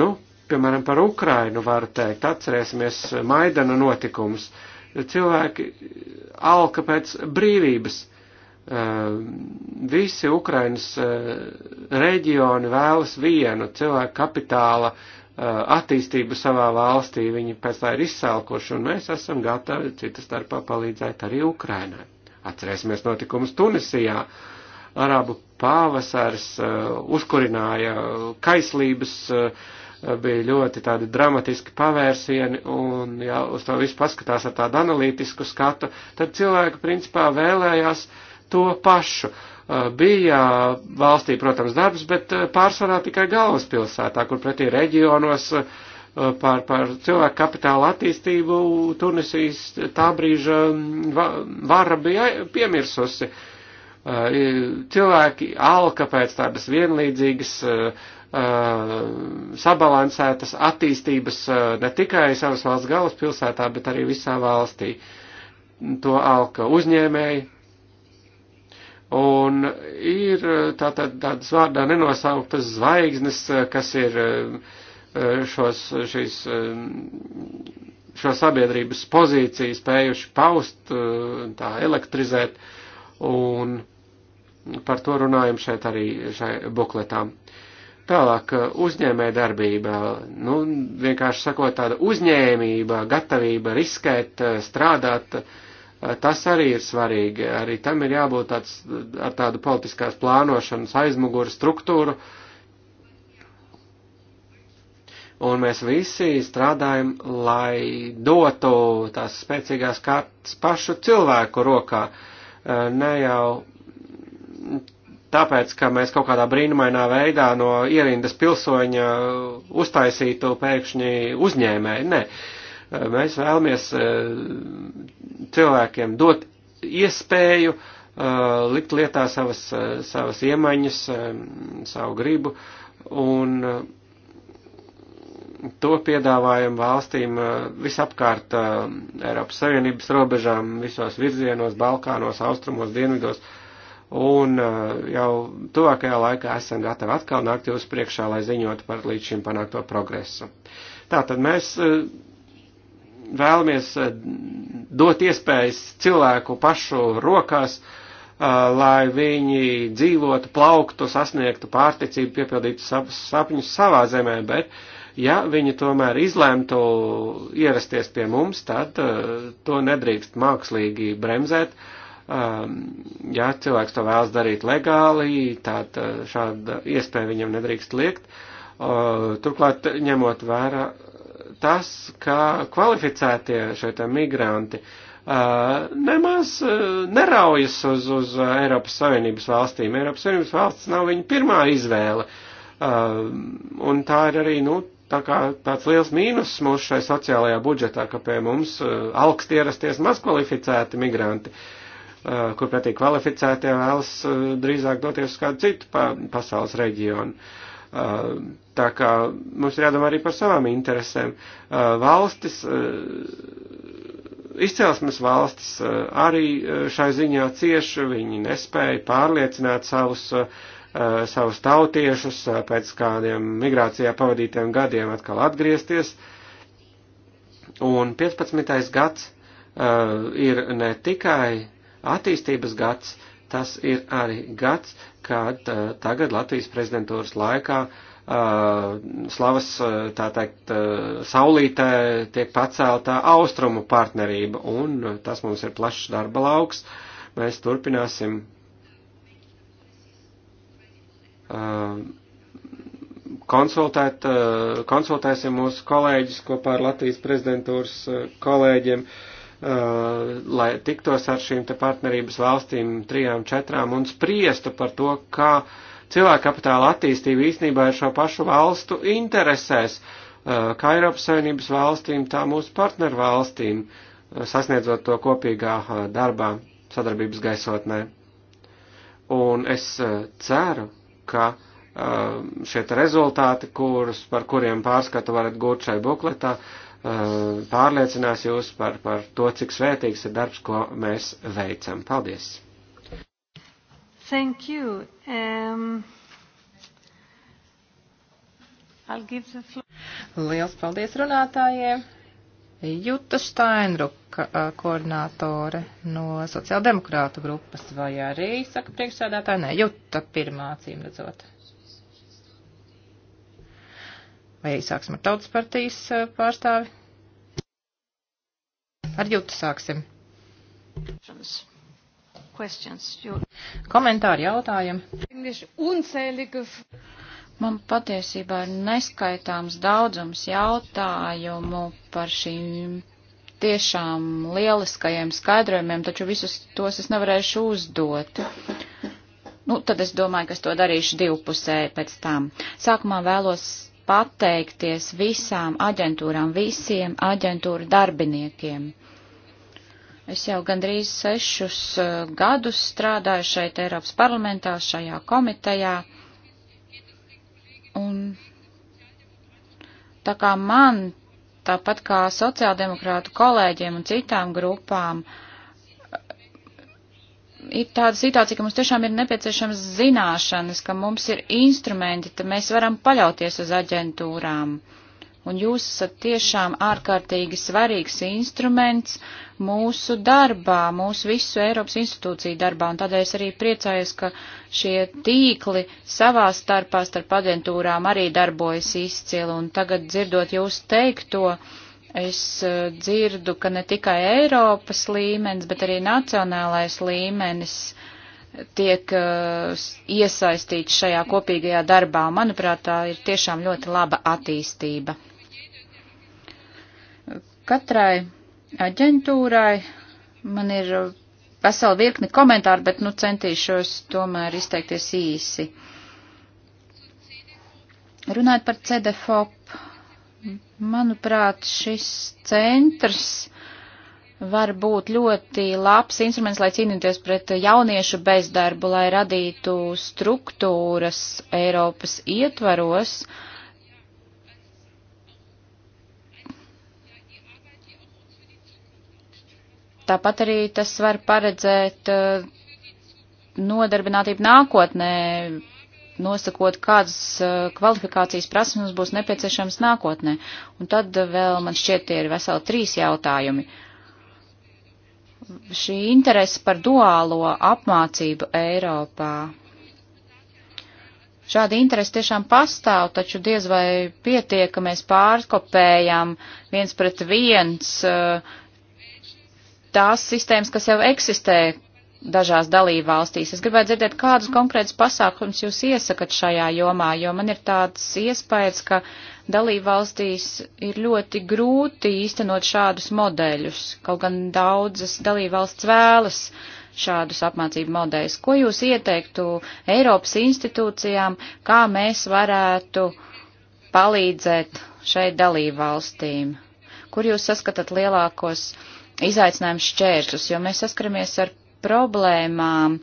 Nu, piemēram, par Ukrainu var teikt, atcerēsimies Maidana notikumus. Uh, cilvēki alka pēc brīvības. Eh, visi Ukrainas eh, reģioni vēlas vienu cilvēku kapitāla eh, attīstību savā valstī, viņi pēc tā ir izsalkoši, un mēs esam gatavi cita starpā palīdzēt arī Ukrainai. Atcerēsimies notikumus Tunisijā. Arabu pavasars uzkurināja kaislības uh, Eh, bija ļoti tādi dramatiski pavērsieni, un ja uz to visu paskatās ar tādu analītisku skatu, tad cilvēki principā vēlējās to pašu. Eh, bija valstī, protams, darbs, bet eh, pārsvarā tikai galvaspilsētā, kur pretī reģionos par, par cilvēku kapitāla attīstību Tunisijas tā brīža mm, vara bija piemirsusi cilvēki alka pēc tādas vienlīdzīgas Uh, sabalansētas attīstības uh, ne tikai savas valsts galvaspilsētā, bet arī visā valstī. To alka uzņēmēji. Un ir uh, tātad tādas vārdā nenosauktas zvaigznes, kas ir šos, šīs, um, šo sabiedrības pozīciju spējuši paust, tā elektrizēt, un par to runājam šeit arī šai bukletām. Uh, Tālāk eh, uzņēmē darbība, nu, vienkārši sakot, tāda uzņēmība, gatavība riskēt, eh, strādāt, eh, tas arī ir svarīgi. Arī tam ir jābūt tāds, ar tādu politiskās plānošanas aizmuguru struktūru. Un mēs visi strādājam, lai dotu tās spēcīgās kārtas pašu cilvēku rokā, ne jau tāpēc, ka mēs kaut kādā brīnumainā veidā no ierindas pilsoņa uztaisītu pēkšņi uzņēmēju. Nē, mēs vēlamies e, cilvēkiem dot iespēju e, likt lietā savas, e, savas iemaņas, savu gribu, un to piedāvājam valstīm visapkārt Eiropas Savienības robežām, visos virzienos, Balkānos, Austrumos, Dienvidos. Uh, un uh, jau tuvākajā laikā esam gatavi atkal nākt jūs priekšā, lai ziņotu par līdz šim panākto progresu. Tātad mēs uh, vēlamies uh, dot iespējas cilvēku pašu rokās, lai viņi dzīvotu, plauktu, sasniegtu pārticību, piepildītu sapņus savā zemē, bet ja viņi tomēr izlēmtu ierasties pie mums, tad to nedrīkst mākslīgi bremzēt Um, ja cilvēks to vēlas darīt legāli, tad uh, šāda iespēja viņam nedrīkst liekt. Uh, turklāt ņemot vērā tas, ka kvalificētie šie migranti uh, nemaz neraujas uz, uz Eiropas Savienības valstīm. Eiropas Savienības valsts nav viņa pirmā izvēle. Un tā ir arī, nu, tā kā tāds liels mīnus mūsu šai sociālajā budžetā, ka pie mums uh, augsti ierasties mazkvalificēti migranti. Uh, Eh, kur pretī kvalificētie vēlas eh, drīzāk doties uz kādu citu pa pasaules reģionu. Eh, tā kā mums ir jādomā arī par savām interesēm. Valstis, izcelsmes valstis arī šai ziņā cieši, viņi nespēja pārliecināt savus savus tautiešus pēc kādiem migrācijā pavadītiem gadiem atkal atgriezties. Un 15. gads uh, ir ne tikai attīstības gads, tas ir arī gads, kad uh, tagad Latvijas prezidentūras laikā uh, slavas, uh, tā teikt, uh, saulītē tiek paceltā austrumu partnerība, un uh, tas mums ir plašs darba lauks. Mēs turpināsim. Uh, konsultēt, konsultēsim mūsu kolēģis kopā ar Latvijas prezidentūras kolēģiem. Uh, Uh, lai tiktos ar šīm te partnerības valstīm trijām, četrām un spriestu par to, kā cilvēka kapitāla attīstība īstenībā ir šo pašu valstu interesēs, uh, kā Eiropas Savienības valstīm, tā mūsu partneru valstīm, uh, sasniedzot to kopīgā darbā sadarbības gaisotnē. Un es ceru, ka šie rezultāti, kurus, par kuriem pārskatu varat gūt šai bukletā, uh, Eh, pārliecinās jūs par, par to, cik svētīgs ir darbs, ko mēs veicam. Paldies! Thank you. Um... Liels paldies runātājiem! Juta Steinruka, eh, koordinātore no sociāldemokrātu grupas, vai arī, saka priekšsēdētāja, ne, Juta pirmā, cīm redzot. Vai sāksim ar tautas partijas eh, pārstāvi? Ar jūtu sāksim. Komentāri, jautājumi. Man patiesībā ir neskaitāms daudzums jautājumu par šīm tiešām lieliskajiem skaidrojumiem, taču visus tos es nevarēšu uzdot. Nu, tad es domāju, ka es to darīšu divpusēji pēc tam. Sākumā vēlos pateikties visām aģentūrām, visiem aģentūra darbiniekiem. Es jau gandrīz sešus eh, gadus strādāju šeit Eiropas parlamentā, šajā komitejā, un tā kā man, tāpat kā sociāldemokrātu kolēģiem un citām grupām, uh, ir tāda situācija, ka mums tiešām ir nepieciešams zināšanas, ka mums ir instrumenti, tad mēs varam paļauties uz aģentūrām. Un jūs esat tiešām ārkārtīgi svarīgs instruments mūsu darbā, mūsu visu Eiropas institūciju darbā. Un tādēļ es arī priecājos, ka šie tīkli savā starpā starp aģentūrām arī darbojas izcili. Un tagad dzirdot jūs teikto, uh, Es eh, dzirdu, ka ne tikai Eiropas līmenis, bet arī nacionālais līmenis tiek eh, iesaistīts šajā kopīgajā darbā. Manuprāt, tā ir tiešām ļoti laba attīstība. Katrai aģentūrai man ir eh, vesela virkni komentāru, bet nu centīšos tomēr izteikties īsi. Runājot par CDFOP Manuprāt, šis centrs var būt ļoti labs instruments, lai cīnīties pret jauniešu bezdarbu, lai radītu struktūras Eiropas ietvaros. Tāpat arī tas var paredzēt eh, nodarbinātību nākotnē nosakot, kādas eh, kvalifikācijas prasmes būs nepieciešams nākotnē. Un tad eh, vēl man šķiet tie ir veseli trīs jautājumi. Šī interese par duālo apmācību Eiropā. Šāda interese tiešām pastāv, taču diez vai pietiek, ka mēs pārkopējam viens pret viens eh, tās sistēmas, kas jau eksistē, dažās dalībvalstīs. Es gribētu dzirdēt, kādus konkrētus pasākums jūs iesakat šajā jomā, jo man ir tāds iespējas, ka dalībvalstīs ir ļoti grūti īstenot šādus modeļus, kaut gan daudzas dalībvalsts vēlas šādus apmācību modeļus. Ko jūs ieteiktu Eiropas institūcijām, kā mēs varētu palīdzēt šeit dalībvalstīm? Kur jūs saskatāt lielākos izaicinājumu šķēršļus, jo mēs saskaramies ar problēmām,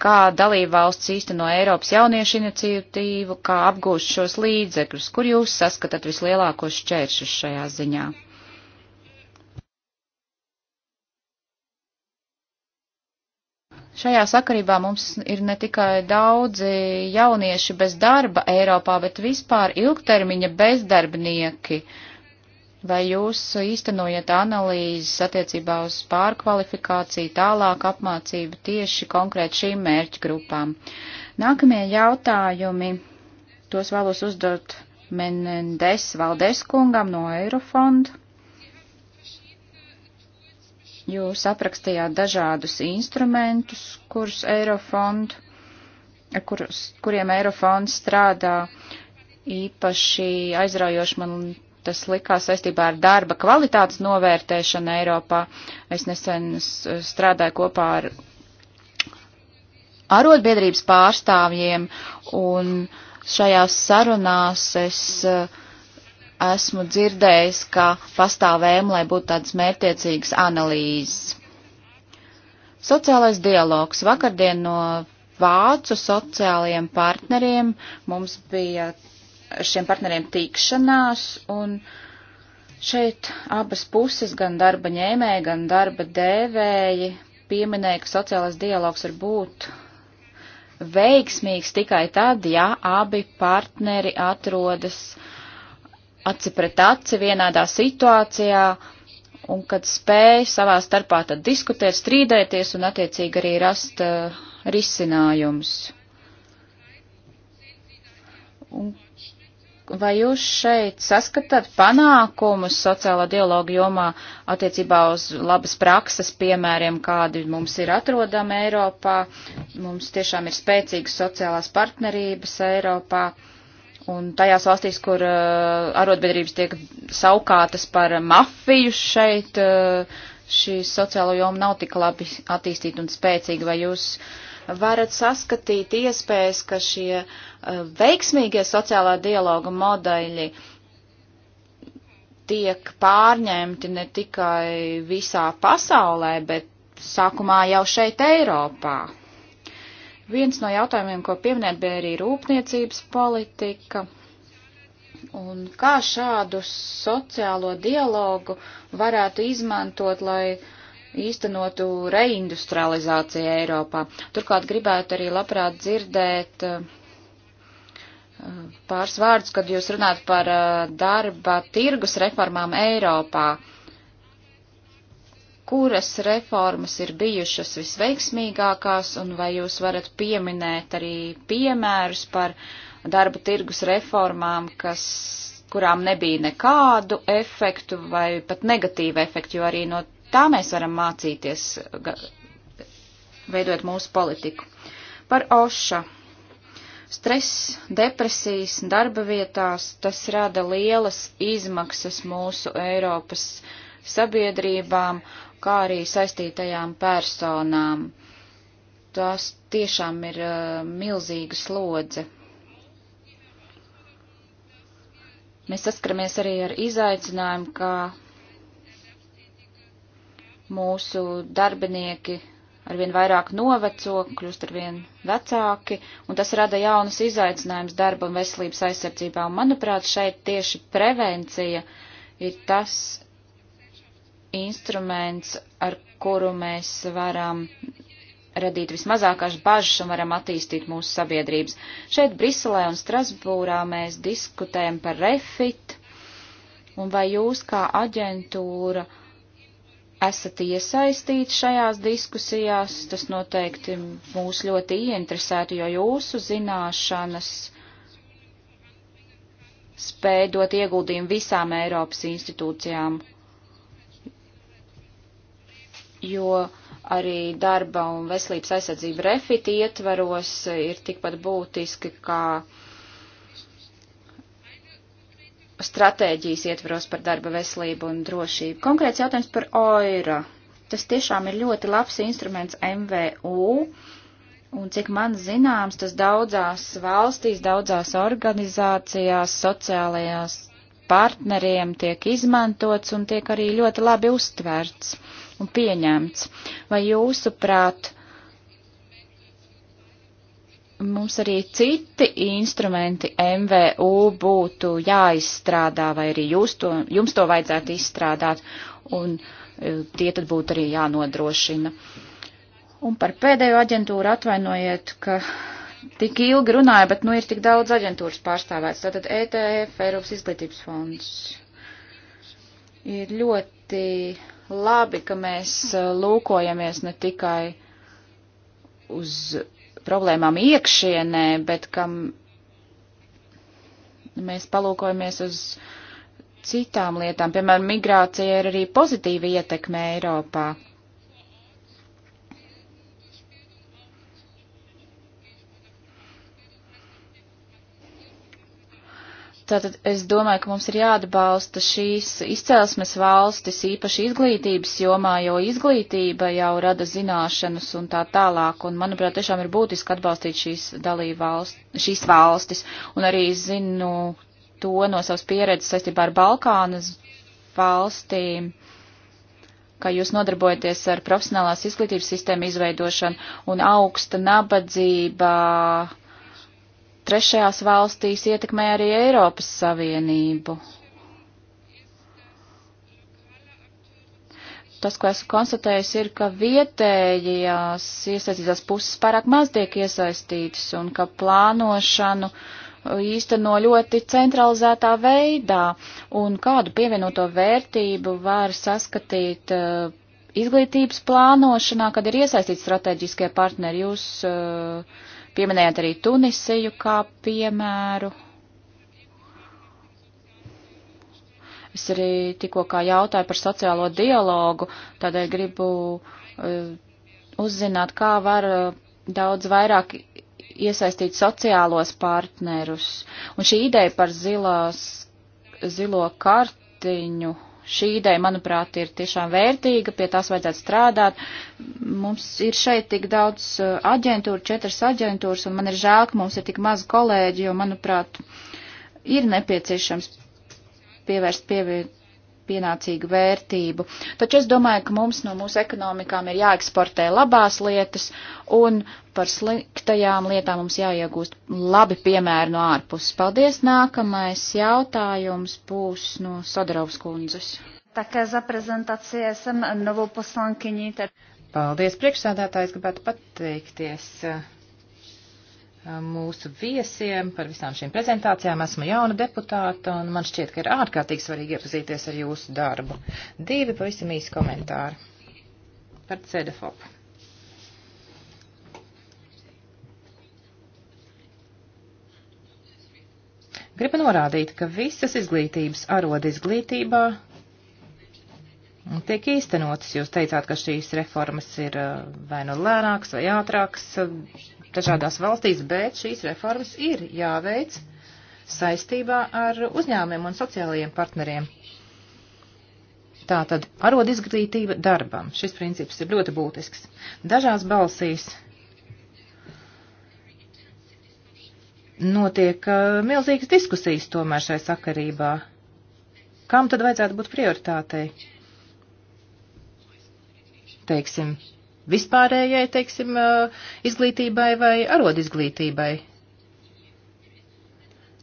kā dalībvalsts īsteno Eiropas jauniešu iniciatīvu, kā apgūst šos līdzekļus, kur jūs saskatāt vislielākos šķēršus šajā ziņā? Šajā sakarībā mums ir ne tikai daudzi jaunieši bez darba Eiropā, bet vispār ilgtermiņa bezdarbnieki. Uh, Vai jūs īstenojat analīzes attiecībā uz pārkvalifikāciju, tālāk apmācību tieši konkrēt šīm mērķu grupām? Nākamie jautājumi, tos vēlos uzdot Menendes Valdeskungam no Eirofonda. Jūs aprakstījāt dažādus instrumentus, kurus Eirofond, kur, kuriem Eirofond strādā. Īpaši aizraujoši man tas likās saistībā ar darba kvalitātes novērtēšanu Eiropā. Es nesen strādāju kopā ar arotbiedrības pārstāvjiem, un šajās sarunās es e, esmu dzirdējis, ka pastāv vēm, lai būtu tādas mērķiecīgas analīzes. Sociālais dialogs. Vakardien no vācu sociālajiem partneriem mums bija šiem partneriem tikšanās, un šeit abas puses, gan darba ņēmēji, gan darba dēvēji, pieminēja, ka sociālais dialogs var būt veiksmīgs tikai tad, ja abi partneri atrodas aci pret aci vienādā situācijā, un kad spēj savā starpā tad diskutēt, strīdēties un attiecīgi arī rast uh, risinājumus. Un vai jūs šeit saskatāt panākumus sociālā dialoga jomā attiecībā uz labas prakses piemēriem, kādi mums ir atrodami Eiropā? Mums tiešām ir spēcīgas sociālās partnerības Eiropā. Un tajās valstīs, kur uh, arotbiedrības tiek saukātas par mafiju šeit, uh, šī sociālo joma nav tik labi attīstīta un spēcīga. Vai jūs uh, varat saskatīt iespējas, ka šie uh, veiksmīgie sociālā dialoga modeļi tiek pārņemti ne tikai visā pasaulē, bet sākumā jau šeit Eiropā. Viens no jautājumiem, ko pieminēt, bija arī rūpniecības politika. Un kā šādu sociālo dialogu varētu izmantot, lai uh, īstenotu reindustrializāciju Eiropā. Turklāt gribētu arī labprāt dzirdēt eh, pāris vārdus, kad jūs runājat par eh, darba tirgus reformām Eiropā. Kuras reformas ir bijušas visveiksmīgākās, un vai jūs varat pieminēt arī piemērus par darba tirgus reformām, kas kurām nebija nekādu efektu vai pat negatīvu efektu, jo arī no Tā mēs varam mācīties, veidot mūsu politiku. Par OŠA. Stress, depresijas, darba vietās, tas rada lielas izmaksas mūsu Eiropas sabiedrībām, kā arī saistītajām personām. Tās tiešām ir uh, milzīga slodze. Mēs saskaramies arī ar izaicinājumu, kā mūsu darbinieki arvien vairāk noveco, kļūst arvien vecāki, un tas rada jaunas izaicinājumus darba un veselības aizsardzībā. Un, manuprāt, šeit tieši prevencija ir tas instruments, ar kuru mēs varam radīt vismazākās bažas un varam attīstīt mūsu sabiedrības. Šeit Briselē un Strasbūrā mēs diskutējam par refit, un vai jūs kā aģentūra esat iesaistīti šajās diskusijās, tas noteikti mūs ļoti ieinteresētu, jo jūsu zināšanas spēj dot ieguldījumu visām Eiropas institūcijām, jo arī darba un veselības aizsardzība refiti ietvaros ir tikpat būtiski kā uh, stratēģijas ietvaros par darba veselību un drošību. Konkrēts jautājums par OIRA. Tas tiešām ir ļoti labs instruments MVU, un cik man zināms, tas daudzās valstīs, daudzās organizācijās, sociālajās partneriem tiek izmantots un tiek arī ļoti labi uztverts un pieņemts. Vai jūsuprāt, mums arī citi instrumenti MVU būtu jāizstrādā, vai arī jūs to, jums to vajadzētu izstrādāt, un e, tie tad būtu arī jānodrošina. Un par pēdējo aģentūru atvainojiet, ka tik ilgi runāju, bet nu ir tik daudz aģentūras pārstāvēts. Tātad ETF, Eiropas izglītības fonds, ir ļoti labi, ka mēs e, lūkojamies ne tikai uz problēmām iekšienē, bet kam mēs palūkojamies uz citām lietām. Piemēram, migrācija ir arī pozitīva ietekme Eiropā. Tātad es domāju, ka mums ir jāatbalsta šīs izcelsmes valstis īpaši izglītības jomā, jo izglītība jau rada zināšanas un tā tālāk, un manuprāt, tiešām ir būtiski atbalstīt šīs dalību valstis, šīs valstis, un arī zinu to no savas pieredzes saistībā ar Balkānas valstīm ka jūs nodarbojaties ar profesionālās izglītības sistēmu izveidošanu un augsta nabadzība trešajās valstīs ietekmē arī Eiropas Savienību. Tas, ko esmu konstatējusi, ir, ka vietējās iesaistītās puses pārāk maz tiek iesaistītas un ka plānošanu īsteno ļoti centralizētā veidā un kādu pievienoto vērtību var saskatīt uh, izglītības plānošanā, kad ir iesaistīti strateģiskie partneri. Jūs uh, Pieminējāt arī Tunisiju kā piemēru. Es arī tikko kā jautāju par sociālo dialogu, tādēļ gribu uh, uzzināt, kā var uh, daudz vairāk iesaistīt sociālos partnerus. Un šī ideja par zilās, zilo kartiņu šī ideja, manuprāt, ir tiešām vērtīga, pie tās vajadzētu strādāt. Mums ir šeit tik daudz uh, aģentūru, četras aģentūras, un man ir žēl, ka mums ir tik maz kolēģi, jo, manuprāt, ir nepieciešams pievērst pievienot pienācīgu vērtību. Taču es domāju, ka mums no mūsu ekonomikām ir jāeksportē labās lietas un par sliktajām lietām mums jāiegūst labi piemēri no ārpuses. Paldies! Nākamais jautājums būs no Sodarovas kundzes. Také za prezentaci esam novou poslankyni. Paldies, priekšsādātājs, gribētu pateikties. Uh, mūsu viesiem par visām šīm prezentācijām. Esmu jauna deputāta un man šķiet, ka ir ārkārtīgi svarīgi iepazīties ar jūsu darbu. Divi pavisam īsi komentāri par CDFOP. Gribu norādīt, ka visas izglītības aroda izglītībā tiek īstenotas. Jūs teicāt, ka šīs reformas ir vai nu lēnākas vai ātrākas dažādās valstīs, bet šīs reformas ir jāveic saistībā ar uzņēmumiem un sociālajiem partneriem. Tātad arod izglītība darbam. Šis princips ir ļoti būtisks. Dažās balsīs notiek uh, milzīgas diskusijas tomēr šai sakarībā. Kam tad vajadzētu būt prioritātei? Teiksim, vispārējai, teiksim, eh, izglītībai vai arod izglītībai.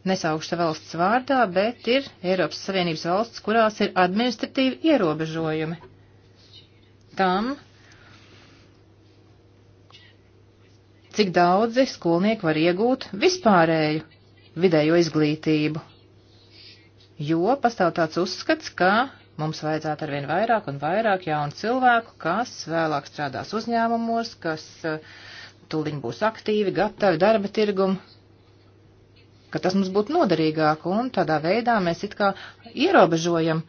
Nesaukšu valsts vārdā, bet ir Eiropas Savienības valsts, kurās ir administratīvi ierobežojumi. Tam, cik daudzi skolnieki var iegūt vispārēju vidējo izglītību, jo pastāv tāds uzskats, ka Mums vajadzētu arvien vairāk un vairāk jaunu cilvēku, kas vēlāk strādās uzņēmumos, kas eh, tuliņ būs aktīvi, gatavi darba tirgumu, ka tas mums būtu noderīgāk, un tādā veidā mēs it kā ierobežojam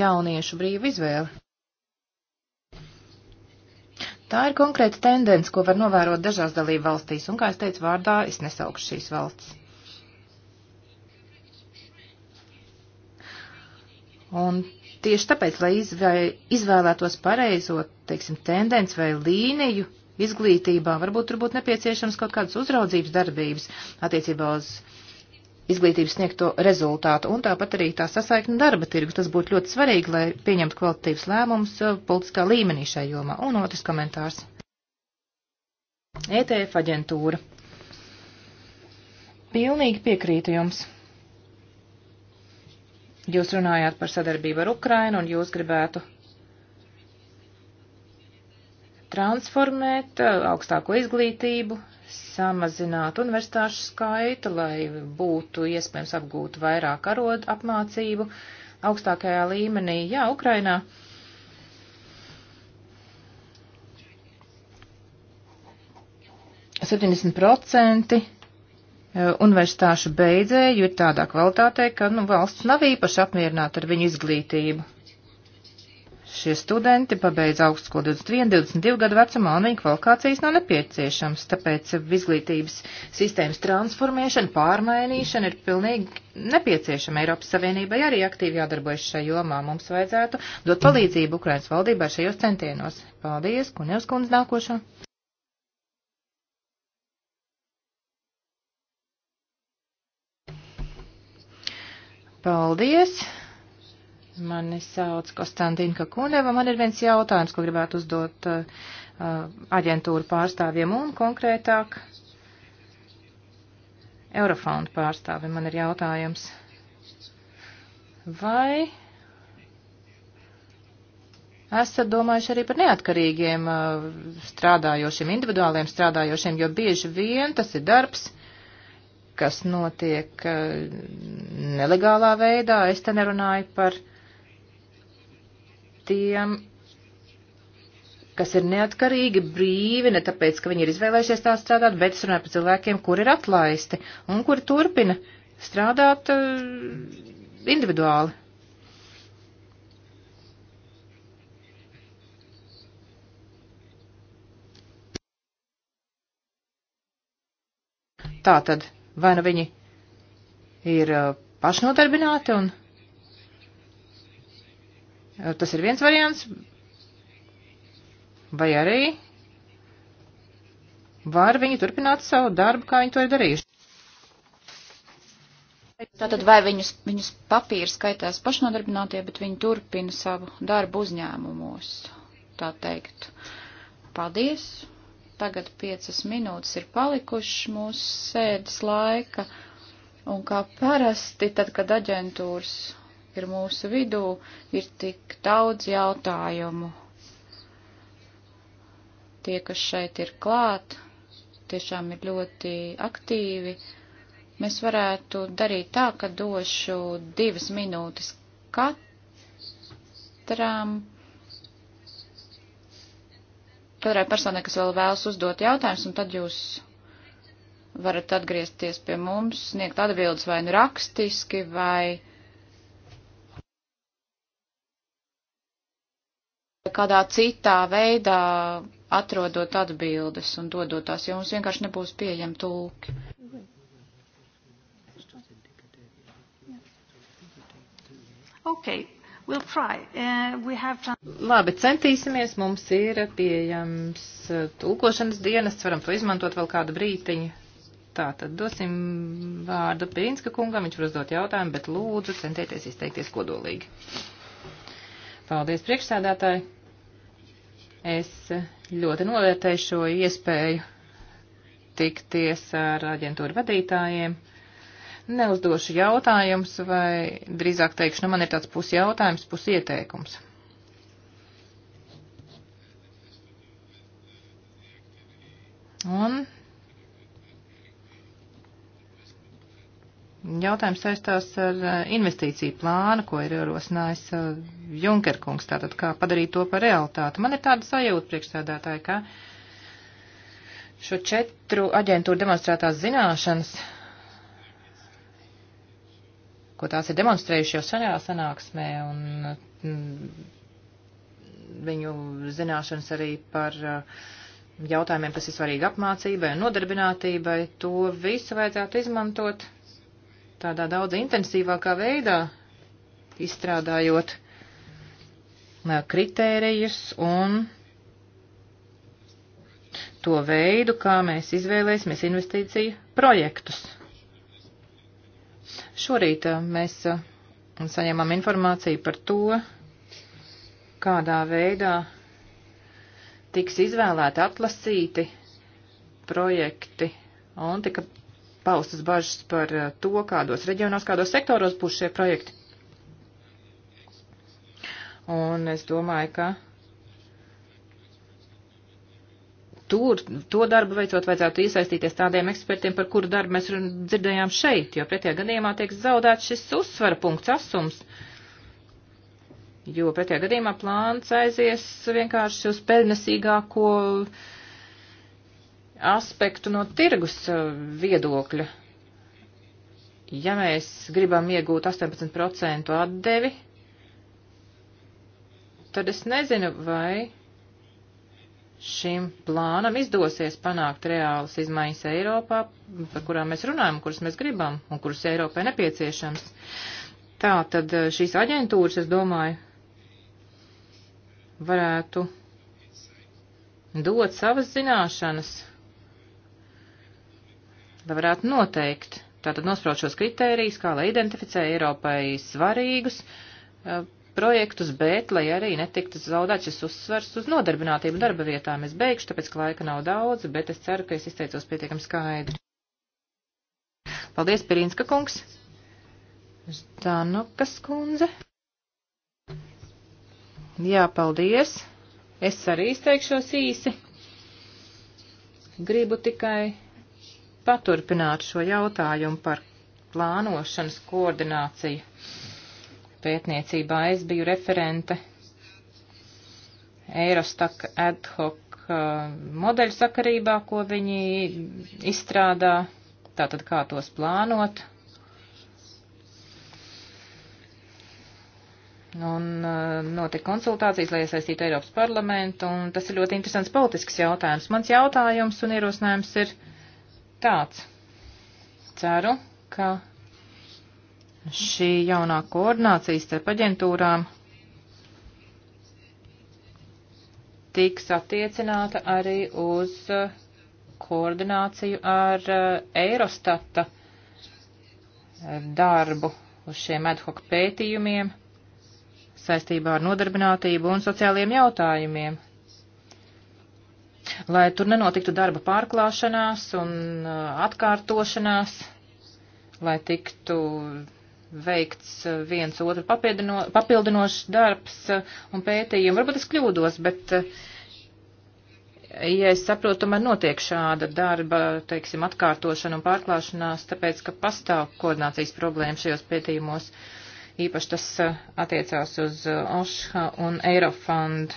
jauniešu brīvu izvēli. Tā ir konkrēta tendence, ko var novērot dažās dalību valstīs, un, kā es teicu, vārdā es nesaukšu šīs valsts. Un Tieši tāpēc, lai izvē, izvēlētos pareizo, teiksim, tendenci vai līniju izglītībā, varbūt tur būtu nepieciešams kaut kādas uzraudzības darbības attiecībā uz izglītības sniegto rezultātu, un tāpat arī tā sasaikne darba tirgus. Tas būtu ļoti svarīgi, lai pieņemtu kvalitatīvas lēmumus uh, politiskā līmenī šai jomā. Un otrs komentārs. ETF aģentūra. Pilnīgi piekrītu jums. Jūs runājāt par sadarbību ar Ukrainu un jūs gribētu transformēt uh, augstāko izglītību, samazināt universitāšu skaitu, lai būtu iespējams apgūt vairāk arodu apmācību augstākajā līmenī. Jā, Ukrainā. Septiņdesmit procenti Eh, universitāšu beidzēju ir tādā kvalitātē, ka nu, valsts nav īpaši apmierināta ar viņu izglītību. Šie studenti pabeidz augstskolu 21, 22 gadu vecumā, un viņu kvalifikācijas nav nepieciešams, tāpēc izglītības sistēmas transformēšana, pārmainīšana ir pilnīgi nepieciešama. Eiropas Savienībai arī aktīvi jādarbojas šajā jomā. Mums vajadzētu dot palīdzību Ukrainas valdībai šajos centienos. Paldies, Kunievs kundze nākošā. Paldies! Mani sauc Konstantīna Kakuneva. Man ir viens jautājums, ko gribētu uzdot uh, uh aģentūru pārstāvjiem un konkrētāk Eurofonda pārstāvjiem. Man ir jautājums. Vai esat domājuši arī par neatkarīgiem uh, strādājošiem, individuāliem strādājošiem, jo bieži vien tas ir darbs, kas notiek eh, nelegālā veidā. Es te nerunāju par tiem, kas ir neatkarīgi, brīvi, ne tāpēc, ka viņi ir izvēlējušies tā strādāt, bet es runāju par cilvēkiem, kur ir atlaisti un kuri turpina strādāt eh, individuāli. Tātad Vai nu viņi ir uh, pašnodarbināti un uh, tas ir viens variants, vai arī var viņi turpināt savu darbu, kā viņi to ir darījuši. Tātad vai viņus, viņus papīri skaitās pašnodarbinātie, bet viņi turpina savu darbu uzņēmumos, tā teikt. Paldies! Tagad piecas minūtes ir palikušas mūsu sēdes laika, un kā parasti, tad, kad aģentūras ir mūsu vidū, ir tik daudz jautājumu. Tie, kas šeit ir klāt, tiešām ir ļoti aktīvi. Mēs varētu darīt tā, ka došu divas minūtes katram katrai personai, kas vēl vēlas uzdot jautājumus, un tad jūs varat atgriezties pie mums, sniegt atbildes vai nu rakstiski, vai kādā citā veidā atrodot atbildes un dodot tās, jo mums vienkārši nebūs pieejami tulki. Okay, We'll try. Uh, we have... Labi, centīsimies. Mums ir pieejams uh, tulkošanas dienests. Varam to izmantot vēl kādu brītiņu. Tā tad dosim vārdu Pīnska kungam. Viņš var uzdot jautājumu, bet lūdzu centieties izteikties kodolīgi. Paldies, priekšsēdētāji. Es ļoti novērtēju šo iespēju tikties ar aģentūru vadītājiem neuzdošu jautājumus, vai drīzāk teikšu, nu man ir tāds pusjautājums, pusieteikums. Un jautājums saistās ar eh, investīciju plānu, ko ir ierosinājis eh, Junkerkungs, tātad kā padarīt to par realitāti. Man ir tāda sajūta priekšsēdētāji, ka šo četru aģentūru demonstrētās zināšanas ko tās ir demonstrējuši jau šajā sanāksmē, un mm, viņu zināšanas arī par uh, jautājumiem, kas ir svarīgi apmācībai un nodarbinātībai, to visu vajadzētu izmantot tādā daudz intensīvākā veidā, izstrādājot uh, kritērijus un to veidu, kā mēs izvēlēsimies investīciju projektus. Šorīt eh, mēs eh, saņēmām informāciju par to, kādā veidā tiks izvēlēti atlasīti projekti un tika paustas bažas par eh, to, kādos reģionos, kādos sektoros būs šie projekti. Un es domāju, ka tur, to darbu veicot, vajadzētu iesaistīties tādiem ekspertiem, par kuru darbu mēs dzirdējām šeit, jo pretējā gadījumā tiek zaudēts šis uzsvara punkts asums. Jo pretējā gadījumā plāns aizies vienkārši uz pelnesīgāko aspektu no tirgus uh, viedokļa. Ja mēs gribam iegūt 18% atdevi, tad es nezinu, vai šim plānam izdosies panākt reālas izmaiņas Eiropā, par kurām mēs runājam, kuras mēs gribam un kuras Eiropai nepieciešams. Tā tad eh, šīs aģentūras, es domāju, varētu dot savas zināšanas, lai varētu noteikt, tātad nospraut šos kritērijus, kā lai identificē Eiropai svarīgus eh, projektus, bet lai arī netiktu zaudēts šis uzsvers uz nodarbinātību darba vietām. Es beigšu, tāpēc, ka laika nav daudz, bet es ceru, ka es izteicos pietiekami skaidri. Paldies, Pirīnska kungs! Ždanukas kundze. Jā, paldies. Es arī izteikšos īsi. Gribu tikai paturpināt šo jautājumu par plānošanas koordināciju pētniecībā. Es biju referente Eirostak ad hoc uh, modeļu sakarībā, ko viņi izstrādā, tātad kā tos plānot. Un uh, notika konsultācijas, lai iesaistītu Eiropas parlamentu, un tas ir ļoti interesants politisks jautājums. Mans jautājums un ierosinājums ir tāds. Ceru, ka šī jaunā koordinācija starp aģentūrām tiks attiecināta arī uz uh, koordināciju ar uh, Eirostata uh, darbu uz šiem ad hoc pētījumiem saistībā ar nodarbinātību un sociāliem jautājumiem. Lai tur nenotiktu darba pārklāšanās un atkārtošanās, lai tiktu veikts eh, viens otru papildino, papildinošs darbs eh, un pētījumi. Varbūt es kļūdos, bet, eh, ja es saprotu, man notiek šāda darba, teiksim, atkārtošana un pārklāšanās, tāpēc, ka pastāv koordinācijas problēma šajos pētījumos. Īpaši tas attiecās uz OŠHA un Eirofund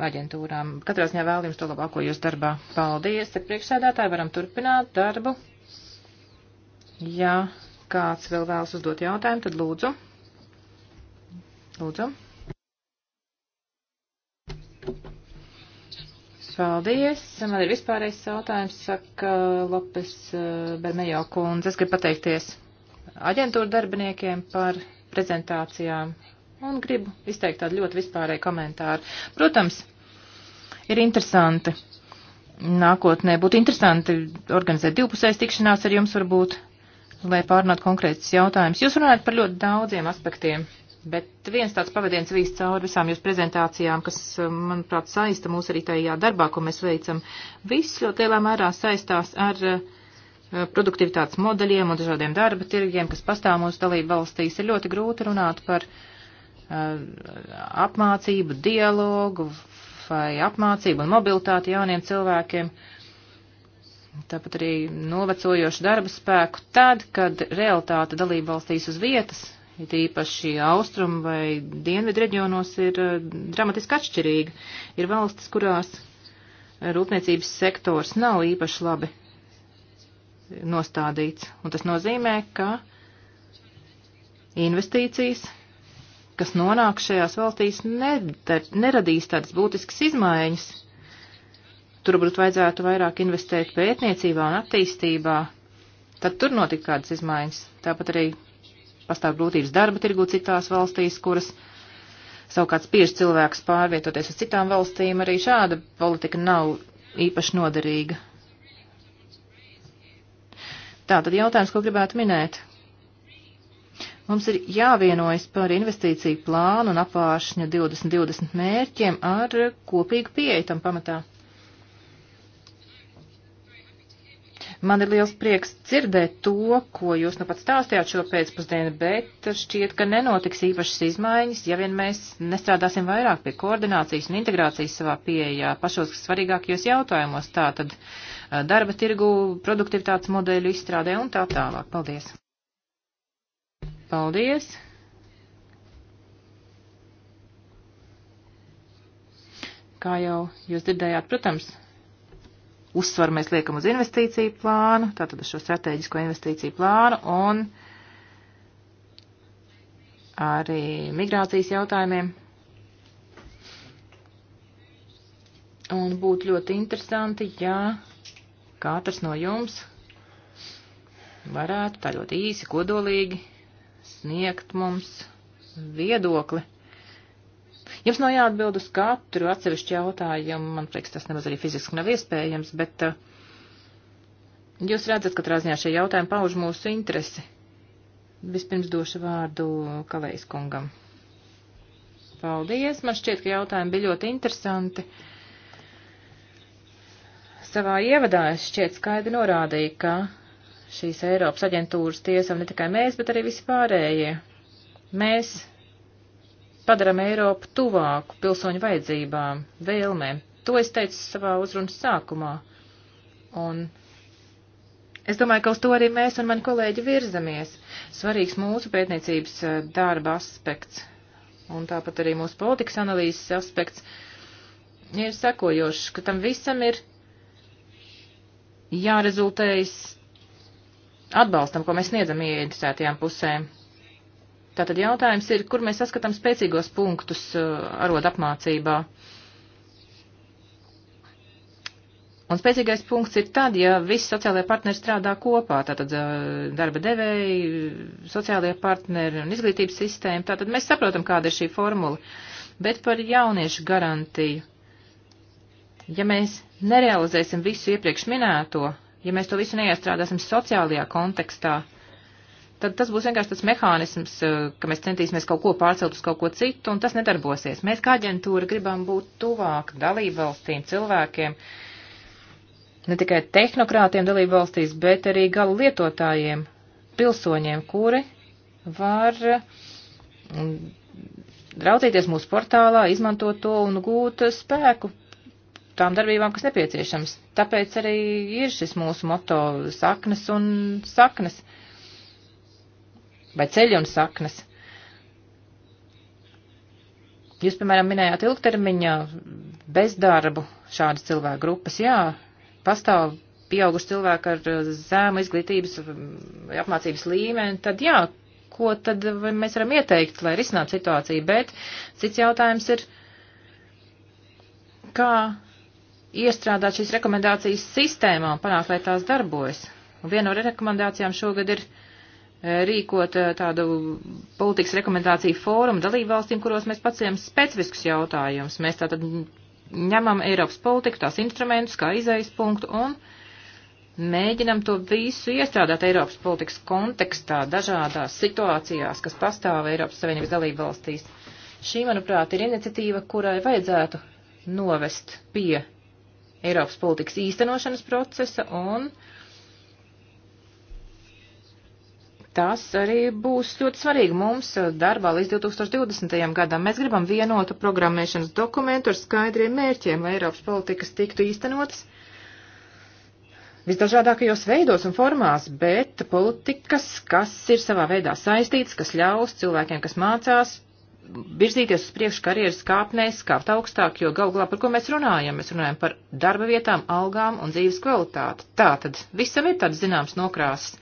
aģentūrām. Katrā ziņā vēl jums to labāko jūs darbā. Paldies, te priekšsēdētāji, varam turpināt darbu. Jā. Ja kāds vēl vēlas uzdot jautājumu, tad lūdzu. Lūdzu. Paldies. Man ir vispārējais jautājums, saka Lopes eh, Bermejo kundze. Es gribu pateikties aģentūra darbiniekiem par prezentācijām un gribu izteikt tādu ļoti vispārēju komentāru. Protams, ir interesanti nākotnē. Būtu interesanti organizēt divpusējas tikšanās ar jums varbūt lai pārnāt konkrētas jautājumas. Jūs runājat par ļoti daudziem aspektiem, bet viens tāds pavadiens vīst cauri visām jūsu prezentācijām, kas, eh, manuprāt, saista mūs arī tajā darbā, ko mēs veicam. Viss ļoti lielā mērā saistās ar eh, produktivitātes modeļiem un dažādiem darba tirgiem, kas pastāv mūsu dalību valstīs. Ir ļoti grūti runāt par eh, apmācību, dialogu vai apmācību un mobilitāti jauniem cilvēkiem. Uh, tāpat arī novecojošu darba spēku tad, kad realitāte dalība valstīs uz vietas, it īpaši austrumu vai dienvidu reģionos, ir eh, dramatiski atšķirīga. Ir valstis, kurās rūpniecības sektors nav īpaši labi nostādīts, un tas nozīmē, ka investīcijas kas nonāk šajās valstīs, neradīs tādas būtiskas izmaiņas tur varbūt vajadzētu vairāk investēt pētniecībā un attīstībā, tad tur notika kādas izmaiņas. Tāpat arī pastāv grūtības darba tirgu citās valstīs, kuras savukārt spiež cilvēkus pārvietoties uz citām valstīm. Arī šāda politika nav īpaši noderīga. Tā tad jautājums, ko gribētu minēt. Mums ir jāvienojas par investīciju plānu un apvāršņu 2020 mērķiem ar kopīgu pieeju tam pamatā. Man ir liels prieks dzirdēt to, ko jūs nu pat stāstījāt šo pēcpusdienu, bet šķiet, ka nenotiks īpašas izmaiņas, ja vien mēs nestrādāsim vairāk pie koordinācijas un integrācijas savā pieejā pašos svarīgākajos jautājumos, tātad darba tirgu, produktivitātes modeļu izstrādē un tā tālāk. Paldies! Paldies! Kā jau jūs dzirdējāt, protams, uzsvaru mēs liekam uz investīciju plānu, tātad uz šo strateģisko investīciju plānu un arī migrācijas jautājumiem. Un būtu ļoti interesanti, ja katrs no jums varētu tā ļoti īsi, kodolīgi sniegt mums viedokli Jums nav jāatbild uz katru atsevišķu jautājumu, man liekas, tas nemaz arī fiziski nav iespējams, bet uh, jūs redzat, katrā ziņā šie jautājumi pauž mūsu interesi. Vispirms došu vārdu Kalējs kungam. Paldies, man šķiet, ka jautājumi bija ļoti interesanti. Savā ievadā es šķiet skaidri norādīju, ka šīs Eiropas aģentūras tiesam ne tikai mēs, bet arī visi pārējie. Mēs padaram Eiropu tuvāku pilsoņu vajadzībām, vēlmēm. To es teicu savā uzrunas sākumā. Un Es domāju, ka uz to arī mēs un mani kolēģi virzamies. Svarīgs mūsu pētniecības eh, darba aspekts un tāpat arī mūsu politikas analīzes aspekts ir sekojošs, ka tam visam ir jārezultējas atbalstam, ko mēs sniedzam ieinteresētajām pusēm. Tātad jautājums ir, kur mēs saskatām spēcīgos punktus uh, arod apmācībā. Un spēcīgais punkts ir tad, ja visi sociālajie partneri strādā kopā, tātad uh, darba devēji, sociālajie partneri un izglītības sistēma, tātad mēs saprotam, kāda ir šī formula. Bet par jauniešu garantiju, ja mēs nerealizēsim visu iepriekš minēto, ja mēs to visu neiestrādāsim sociālajā kontekstā, tad tas būs vienkārši tas mehānisms, eh, ka mēs centīsimies kaut ko pārcelt uz kaut ko citu, un tas nedarbosies. Mēs kā aģentūra gribam būt tuvāk dalībvalstīm, cilvēkiem, ne tikai tehnokrātiem dalībvalstīs, bet arī galu lietotājiem, pilsoņiem, kuri var mm, raudzīties mūsu portālā, izmantot to un gūt spēku tām darbībām, kas nepieciešams. Tāpēc arī ir šis mūsu moto saknes un saknes vai ceļi un saknes. Jūs, piemēram, minējāt ilgtermiņā bezdarbu šādas cilvēku grupas. Jā, pastāv pieauguši cilvēki ar eh, zēmu izglītības vai mm, apmācības līmeni, tad jā, ko tad mēs varam ieteikt, lai risinātu situāciju, bet cits jautājums ir, kā iestrādāt šīs rekomendācijas sistēmā un panākt, lai tās darbojas. Un viena no rekomendācijām šogad ir rīkot eh, tādu politikas rekomendāciju fórumu dalību valstīm, kuros mēs pacējam specifiskus jautājumus. Mēs tātad ņemam Eiropas politiku, tās instrumentus kā izaisa punktu un mēģinam to visu iestrādāt Eiropas politikas kontekstā, dažādās situācijās, kas pastāv Eiropas Savienības dalību valstīs. Šī, manuprāt, ir iniciatīva, kurai vajadzētu novest pie Eiropas politikas īstenošanas procesa un uh, tas arī būs ļoti svarīgi mums darbā līdz 2020. gadam. Mēs gribam vienotu programmēšanas dokumentu ar skaidriem mērķiem, lai Eiropas politikas tiktu īstenotas visdažādākajos veidos un formās, bet politikas, kas ir savā veidā saistītas, kas ļaus cilvēkiem, kas mācās, virzīties uz priekšu karjeras kāpnēs, kāpt augstāk, jo gal galā par ko mēs runājam? Mēs runājam par darba vietām, algām un dzīves kvalitāti. Tā tad visam ir tāds zināms nokrāsts.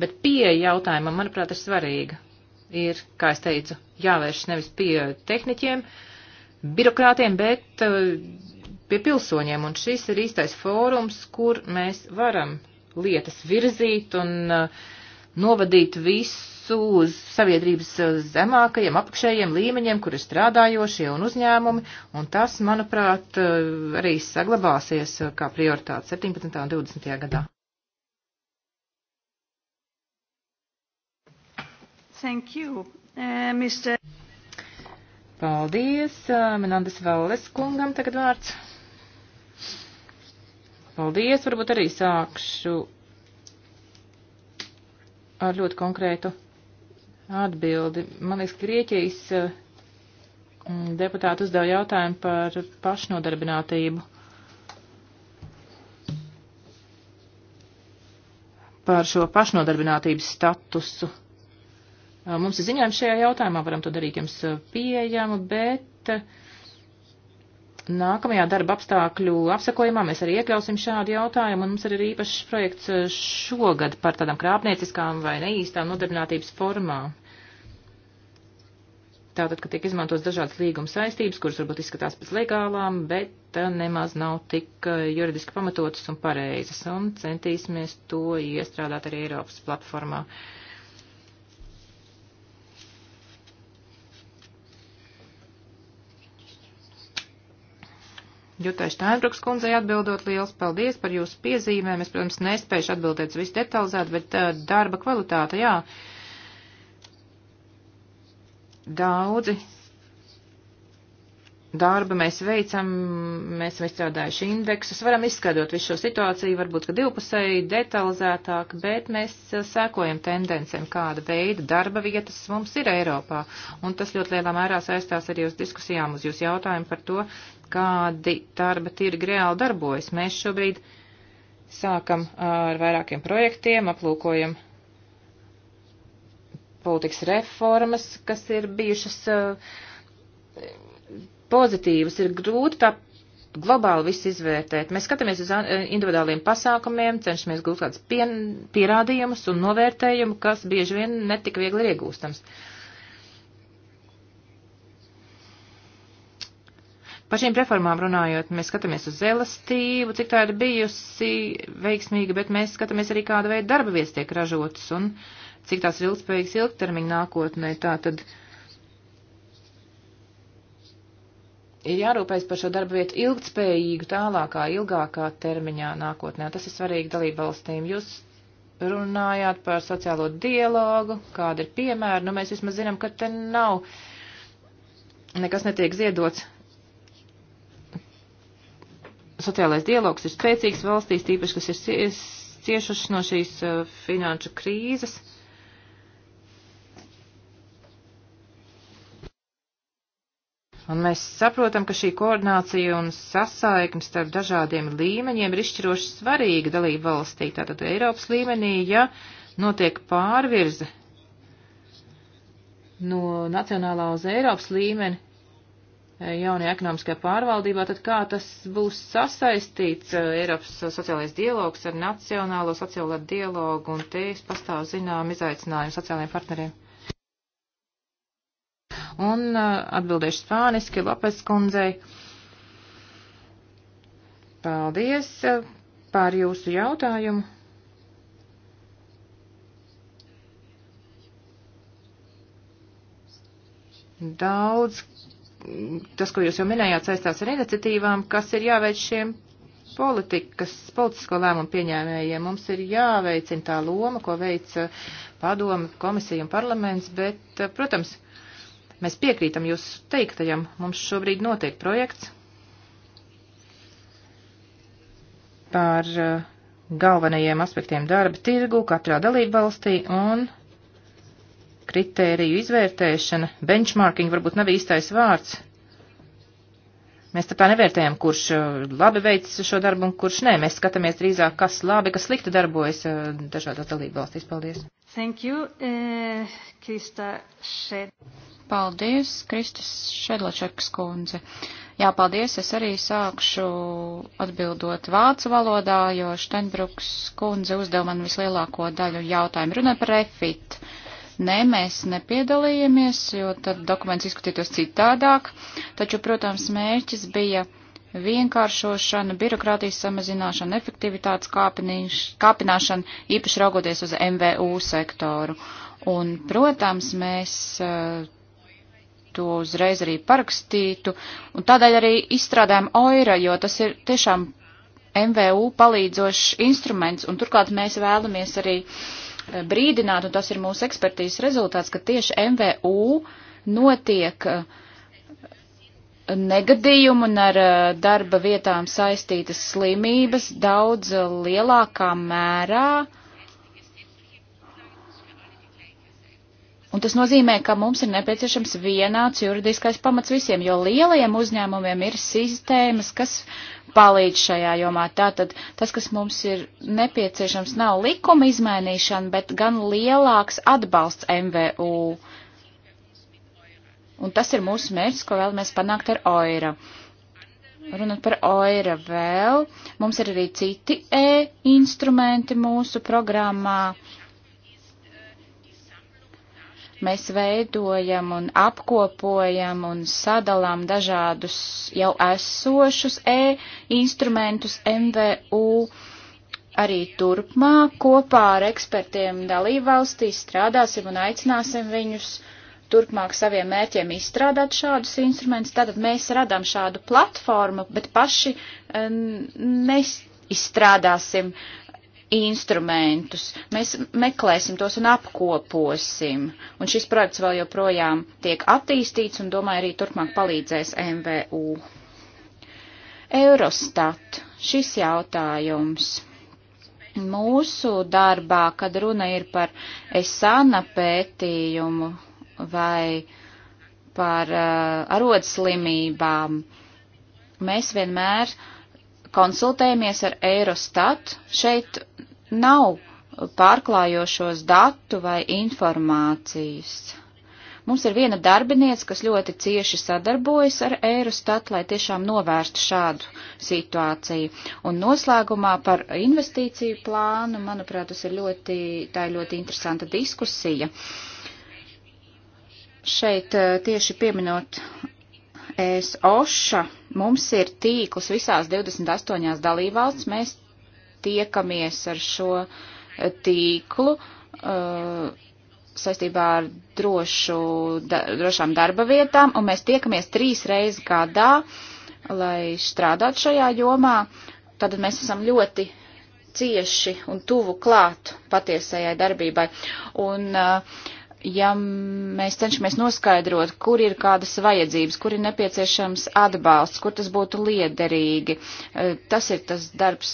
Bet pieeja jautājumam, manuprāt, ir svarīga. Ir, kā es teicu, jāvēršas nevis pie tehniķiem, birokrātiem, bet uh, pie pilsoņiem. Un šis ir īstais fórums, kur mēs varam lietas virzīt un uh, novadīt visu uz sabiedrības uh, zemākajiem, apakšējiem līmeņiem, kur ir strādājošie un uzņēmumi, un tas, manuprāt, arī saglabāsies kā prioritāte 17. un 20. gadā. Thank you, uh, Mr. Paldies. Uh, Menandes Valles kungam tagad vārds. Paldies. Varbūt arī sākšu ar ļoti konkrētu atbildi. Man liekas, Grieķijas uh, deputāti uzdeva jautājumu par pašnodarbinātību. Par šo pašnodarbinātības statusu Uh, mums ir ziņojums šajā jautājumā, varam to darīt jums uh, pieejamu, bet uh, nākamajā darba apstākļu apsakojumā mēs arī iekļausim šādu jautājumu, un mums ir arī īpašs projekts šogad par tādām krāpnieciskām vai neīstām nodarbinātības formām. Tātad, ka tiek izmantos dažādas līguma saistības, kuras varbūt izskatās pēc legālām, bet nemaz nav tik juridiski pamatotas un pareizas, un centīsimies to iestrādāt arī Eiropas platformā. Uh, Jutai Štainbruks kundzei atbildot liels paldies par jūsu piezīmēm. Es, protams, nespēju atbildēt visu detalizēt, bet uh, darba kvalitāte, jā. Daudzi darbu mēs veicam, mēs esam izstrādājuši indeksus, varam izskaidrot visu šo situāciju, varbūt, ka divpusēji detalizētāk, bet mēs uh, sekojam tendencēm, kāda veida darba vietas mums ir Eiropā. Un tas ļoti lielā mērā saistās arī uz diskusijām, uz jūsu jautājumu par to, kādi darba tirgi reāli darbojas. Mēs šobrīd sākam uh, ar vairākiem projektiem, aplūkojam politikas reformas, kas ir bijušas uh, pozitīvas, ir grūti tā globāli viss izvērtēt. Mēs skatāmies uz uh, individuāliem pasākumiem, cenšamies gūt kādus pierādījumus un novērtējumu, kas bieži vien netika viegli ir iegūstams. Par šīm reformām runājot, mēs skatāmies uz elastību, cik tā ir bijusi veiksmīga, bet mēs skatāmies arī kāda veida darba vietas tiek ražotas un cik tās ir ilgspējīgas ilgtermiņa nākotnē. Tā tad uh, ir jārūpējas par šo darba vietu ilgtspējīgu tālākā, ilgākā termiņā nākotnē. Tas ir svarīgi dalību valstīm. Jūs runājāt par sociālo dialogu, kāda ir piemēra. Nu, mēs vismaz zinām, ka te nav, nekas netiek ziedots. Sociālais dialogs ir spēcīgs valstīs, tīpaši, kas ir ciešuši no šīs uh, finanšu krīzes. Un mēs saprotam, ka šī koordinācija un sasaikne starp dažādiem līmeņiem ir izšķiroši svarīga dalība valstī. Tātad Eiropas līmenī, ja notiek pārvirze no nacionālā uz Eiropas līmeni e, jaunajā ekonomiskajā pārvaldībā, tad kā tas būs sasaistīts e, Eiropas sociālais dialogs ar nacionālo sociālo dialogu, un te pastāv zinām izaicinājumu sociālajiem partneriem un uh, atbildēšu spāniski Lopes kundzei. Paldies uh, par jūsu jautājumu. Daudz, tas, ko jūs jau minējāt, saistās ar iniciatīvām, kas ir jāveic šiem politikas, politisko lēmumu pieņēmējiem. Mums ir jāveicina tā loma, ko veic padoma, komisija un parlaments, bet, uh, protams, Mēs piekrītam jūs teiktajam, mums šobrīd notiek projekts par uh, galvenajiem aspektiem darba tirgu katrā dalība valstī un kritēriju izvērtēšana, benchmarking varbūt nav īstais vārds. Mēs tā nevērtējam, kurš uh, labi veicis šo darbu un kurš nē. Mēs skatāmies drīzāk, kas labi, kas slikti darbojas uh, dažādās dalību valstīs. Paldies. Thank you, Krista uh, Šed. Paldies, Kristis Šedlačekas kundze. Jā, paldies, es arī sākšu atbildot vācu valodā, jo Štenbruks kundze uzdeva man vislielāko daļu jautājumu. Runa par refit. Nē, mēs nepiedalījāmies, jo tad dokuments izskatītos citādāk, taču, protams, mērķis bija vienkāršošana, birokrātijas samazināšana, efektivitātes kāpināšana, īpaši raugoties uz MVU sektoru. Un, protams, mēs uh, to uzreiz arī parakstītu, un tādēļ arī izstrādājam OIRA, jo tas ir tiešām MVU palīdzošs instruments, un turklāt mēs vēlamies arī eh, brīdināt, un tas ir mūsu ekspertīzes rezultāts, ka tieši MVU notiek eh, negadījumu un ar eh, darba vietām saistītas slimības daudz lielākā mērā, uh, Un tas nozīmē, ka mums ir nepieciešams vienāds juridiskais pamats visiem, jo lielajiem uzņēmumiem ir sistēmas, kas palīdz šajā jomā. Tātad tas, kas mums ir nepieciešams, nav likuma izmainīšana, bet gan lielāks atbalsts MVU. Un tas ir mūsu mērķis, ko vēlamies panākt ar OIRA. Runāt par OIRA vēl, mums ir arī citi E instrumenti mūsu programmā Mēs veidojam un apkopojam un sadalām dažādus jau esošus e-instrumentus MVU. Arī turpmāk kopā ar ekspertiem dalībvalstīs strādāsim un aicināsim viņus turpmāk saviem mērķiem izstrādāt šādus instrumentus. Tātad mēs radām šādu platformu, bet paši um, neizstrādāsim instrumentus. Mēs meklēsim tos un apkoposim. Un šis projekts vēl joprojām tiek attīstīts un domāju arī turpmāk palīdzēs MVU. Eurostat. Šis jautājums. Mūsu darbā, kad runa ir par esana pētījumu vai par uh, arodslimībām, mēs vienmēr uh, konsultējamies ar Eurostat. Šeit nav pārklājošos datu vai informācijas. Mums ir viena darbinieca, kas ļoti cieši sadarbojas ar Eurostat, lai tiešām novērstu šādu situāciju. Un noslēgumā par investīciju plānu, manuprāt, tas ir ļoti, tā ir ļoti interesanta diskusija. Šeit eh, tieši pieminot es Oša, mums ir tīkls visās 28 dalībvalsts, mēs tiekamies ar šo eh, tīklu uh, saistībā ar drošu, da, drošām darba vietām, un mēs tiekamies trīs reizes gadā, lai strādātu šajā jomā. Tātad mēs esam ļoti cieši un tuvu klāt patiesajai darbībai. Un, uh, ja mēs cenšamies noskaidrot, kur ir kādas vajadzības, kur ir nepieciešams atbalsts, kur tas būtu liederīgi. Eh, tas ir tas darbs,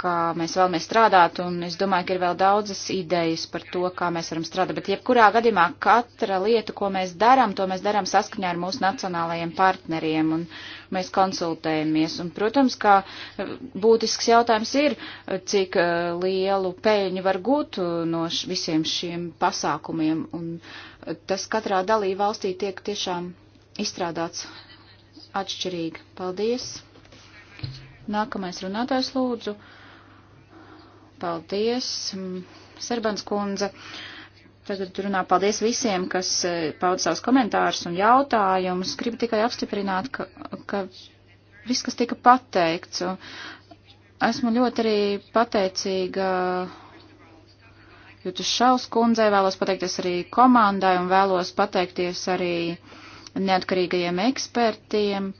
kā mēs vēlamies strādāt, un es domāju, ka ir vēl daudzas idejas par to, kā mēs varam strādāt, bet jebkurā gadījumā katra lieta, ko mēs darām, to mēs darām saskaņā ar mūsu nacionālajiem partneriem, un mēs konsultējamies. Un, protams, kā eh, būtisks jautājums ir, eh, cik eh, lielu peļņu var gūt no visiem šiem pasākumiem, un tas katrā dalība valstī tiek tiešām izstrādāts atšķirīgi. Paldies! Nākamais runātājs lūdzu. Paldies, mm, Serbans kundze. Tagad runā paldies visiem, kas e, pauda savus komentārus un jautājumus. Gribu tikai apstiprināt, ka, ka viss, kas tika pateikts, esmu ļoti arī pateicīga Jūtas Šaus kundzei, vēlos pateikties arī komandai un vēlos pateikties arī neatkarīgajiem ekspertiem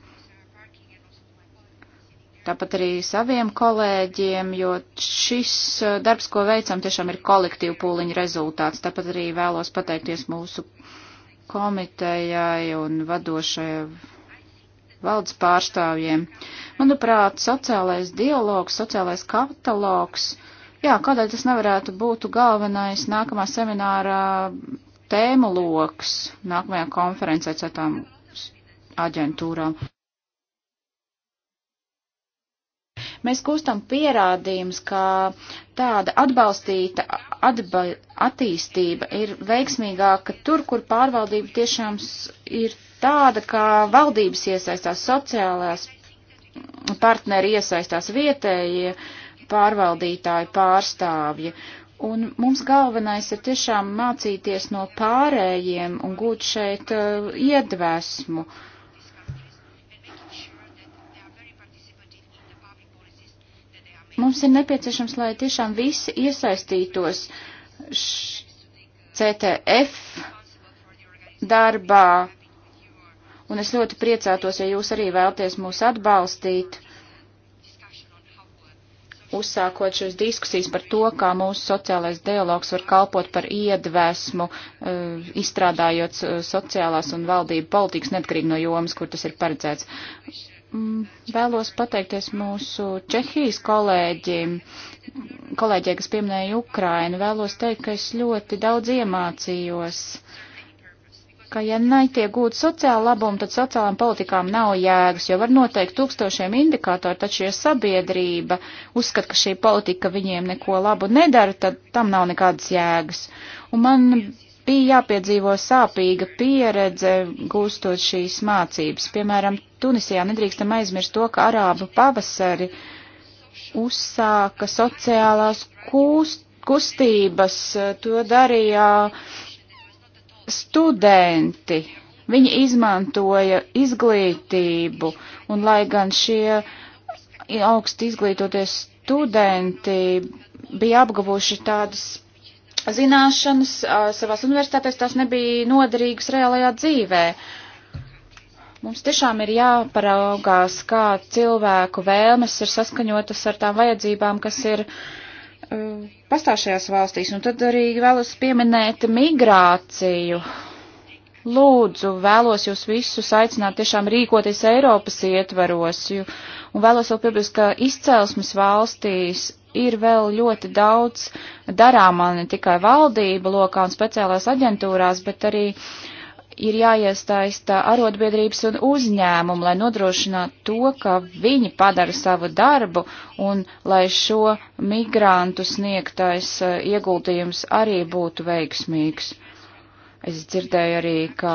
tāpat arī saviem kolēģiem, jo šis uh, darbs, ko veicam, tiešām ir kolektīvu pūliņu rezultāts. Tāpat arī vēlos pateikties mūsu komitejai un vadošajai valdes pārstāvjiem. Manuprāt, sociālais dialogs, sociālais katalogs, jā, kādēļ tas nevarētu būt galvenais nākamā seminārā tēmu loks nākamajā konferencē citām aģentūrām. Mēs kustam pierādījums, ka tāda atbalstīta atba attīstība ir veiksmīgāka tur, kur pārvaldība tiešām ir tāda, kā valdības iesaistās sociālās partneri iesaistās vietējie pārvaldītāji pārstāvji. Un mums galvenais ir tiešām mācīties no pārējiem un gūt šeit uh, iedvesmu. Uh, Mums ir nepieciešams, lai tiešām visi iesaistītos CTF darbā, un es ļoti priecātos, ja jūs arī vēlties mūs atbalstīt, uzsākot šīs diskusijas par to, kā mūsu sociālais dialogs var kalpot par iedvesmu, eh, izstrādājot sociālās un valdību politikas, neatkarīgi no jomas, kur tas ir paredzēts. Mm, vēlos pateikties mūsu Čehijas kolēģim, kolēģiem, kas pieminēja Ukrainu. Vēlos teikt, ka es ļoti daudz iemācījos, ka ja netiek gūt sociāla labuma, tad sociālām politikām nav jēgas, jo var noteikt tūkstošiem indikātori, taču ja sabiedrība uzskata, ka šī politika viņiem neko labu nedara, tad tam nav nekādas jēgas. Un man bija jāpiedzīvo sāpīga pieredze, gūstot šīs mācības. Piemēram, Tunisijā nedrīkstam aizmirst to, ka arābu pavasari uzsāka sociālās kūst, kustības, to darīja studenti. Viņi izmantoja izglītību, un lai gan šie augsti izglītoties studenti bija apguvuši tādas zināšanas savās universitātēs, tās nebija noderīgas reālajā dzīvē. Mums tiešām ir jāparaugās, kā cilvēku vēlmes ir saskaņotas ar tām vajadzībām, kas ir uh, pastāv šajās valstīs. Un tad arī vēlos pieminēt migrāciju. Lūdzu, vēlos jūs visus aicināt tiešām rīkoties Eiropas ietvaros, jo, un vēlos vēl piebilst, ka izcelsmes valstīs ir vēl ļoti daudz darāmā ne tikai valdība lokā un speciālās aģentūrās, bet arī ir jāiestaista arotbiedrības un uzņēmumu, lai nodrošinātu to, ka viņi padara savu darbu un lai šo migrantu sniegtais eh, ieguldījums arī būtu veiksmīgs. Es dzirdēju arī, ka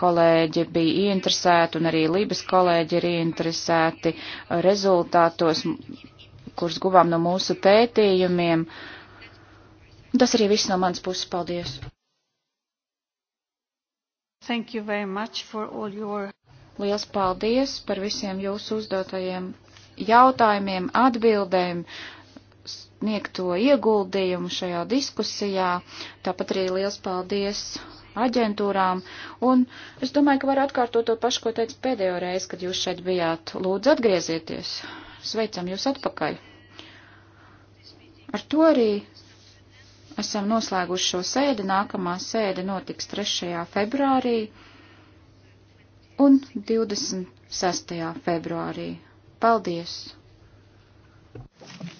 kolēģi bija ieinteresēti un arī Libas kolēģi ir ieinteresēti rezultātos kurus guvām no mūsu pētījumiem. Tas arī viss no manas puses. Paldies! Thank you very much for all your... Liels paldies par visiem jūsu uzdotajiem jautājumiem, atbildēm, sniegto ieguldījumu šajā diskusijā. Tāpat arī liels paldies aģentūrām. Un es domāju, ka var atkārtot to pašu, ko teicu pēdējo reizi, kad jūs šeit bijāt. Lūdzu, atgriezieties! Sveicam jūs atpakaļ. Ar to arī esam noslēguši šo sēdi. Nākamā sēde notiks 3. februārī un 26. februārī. Paldies! Thank you.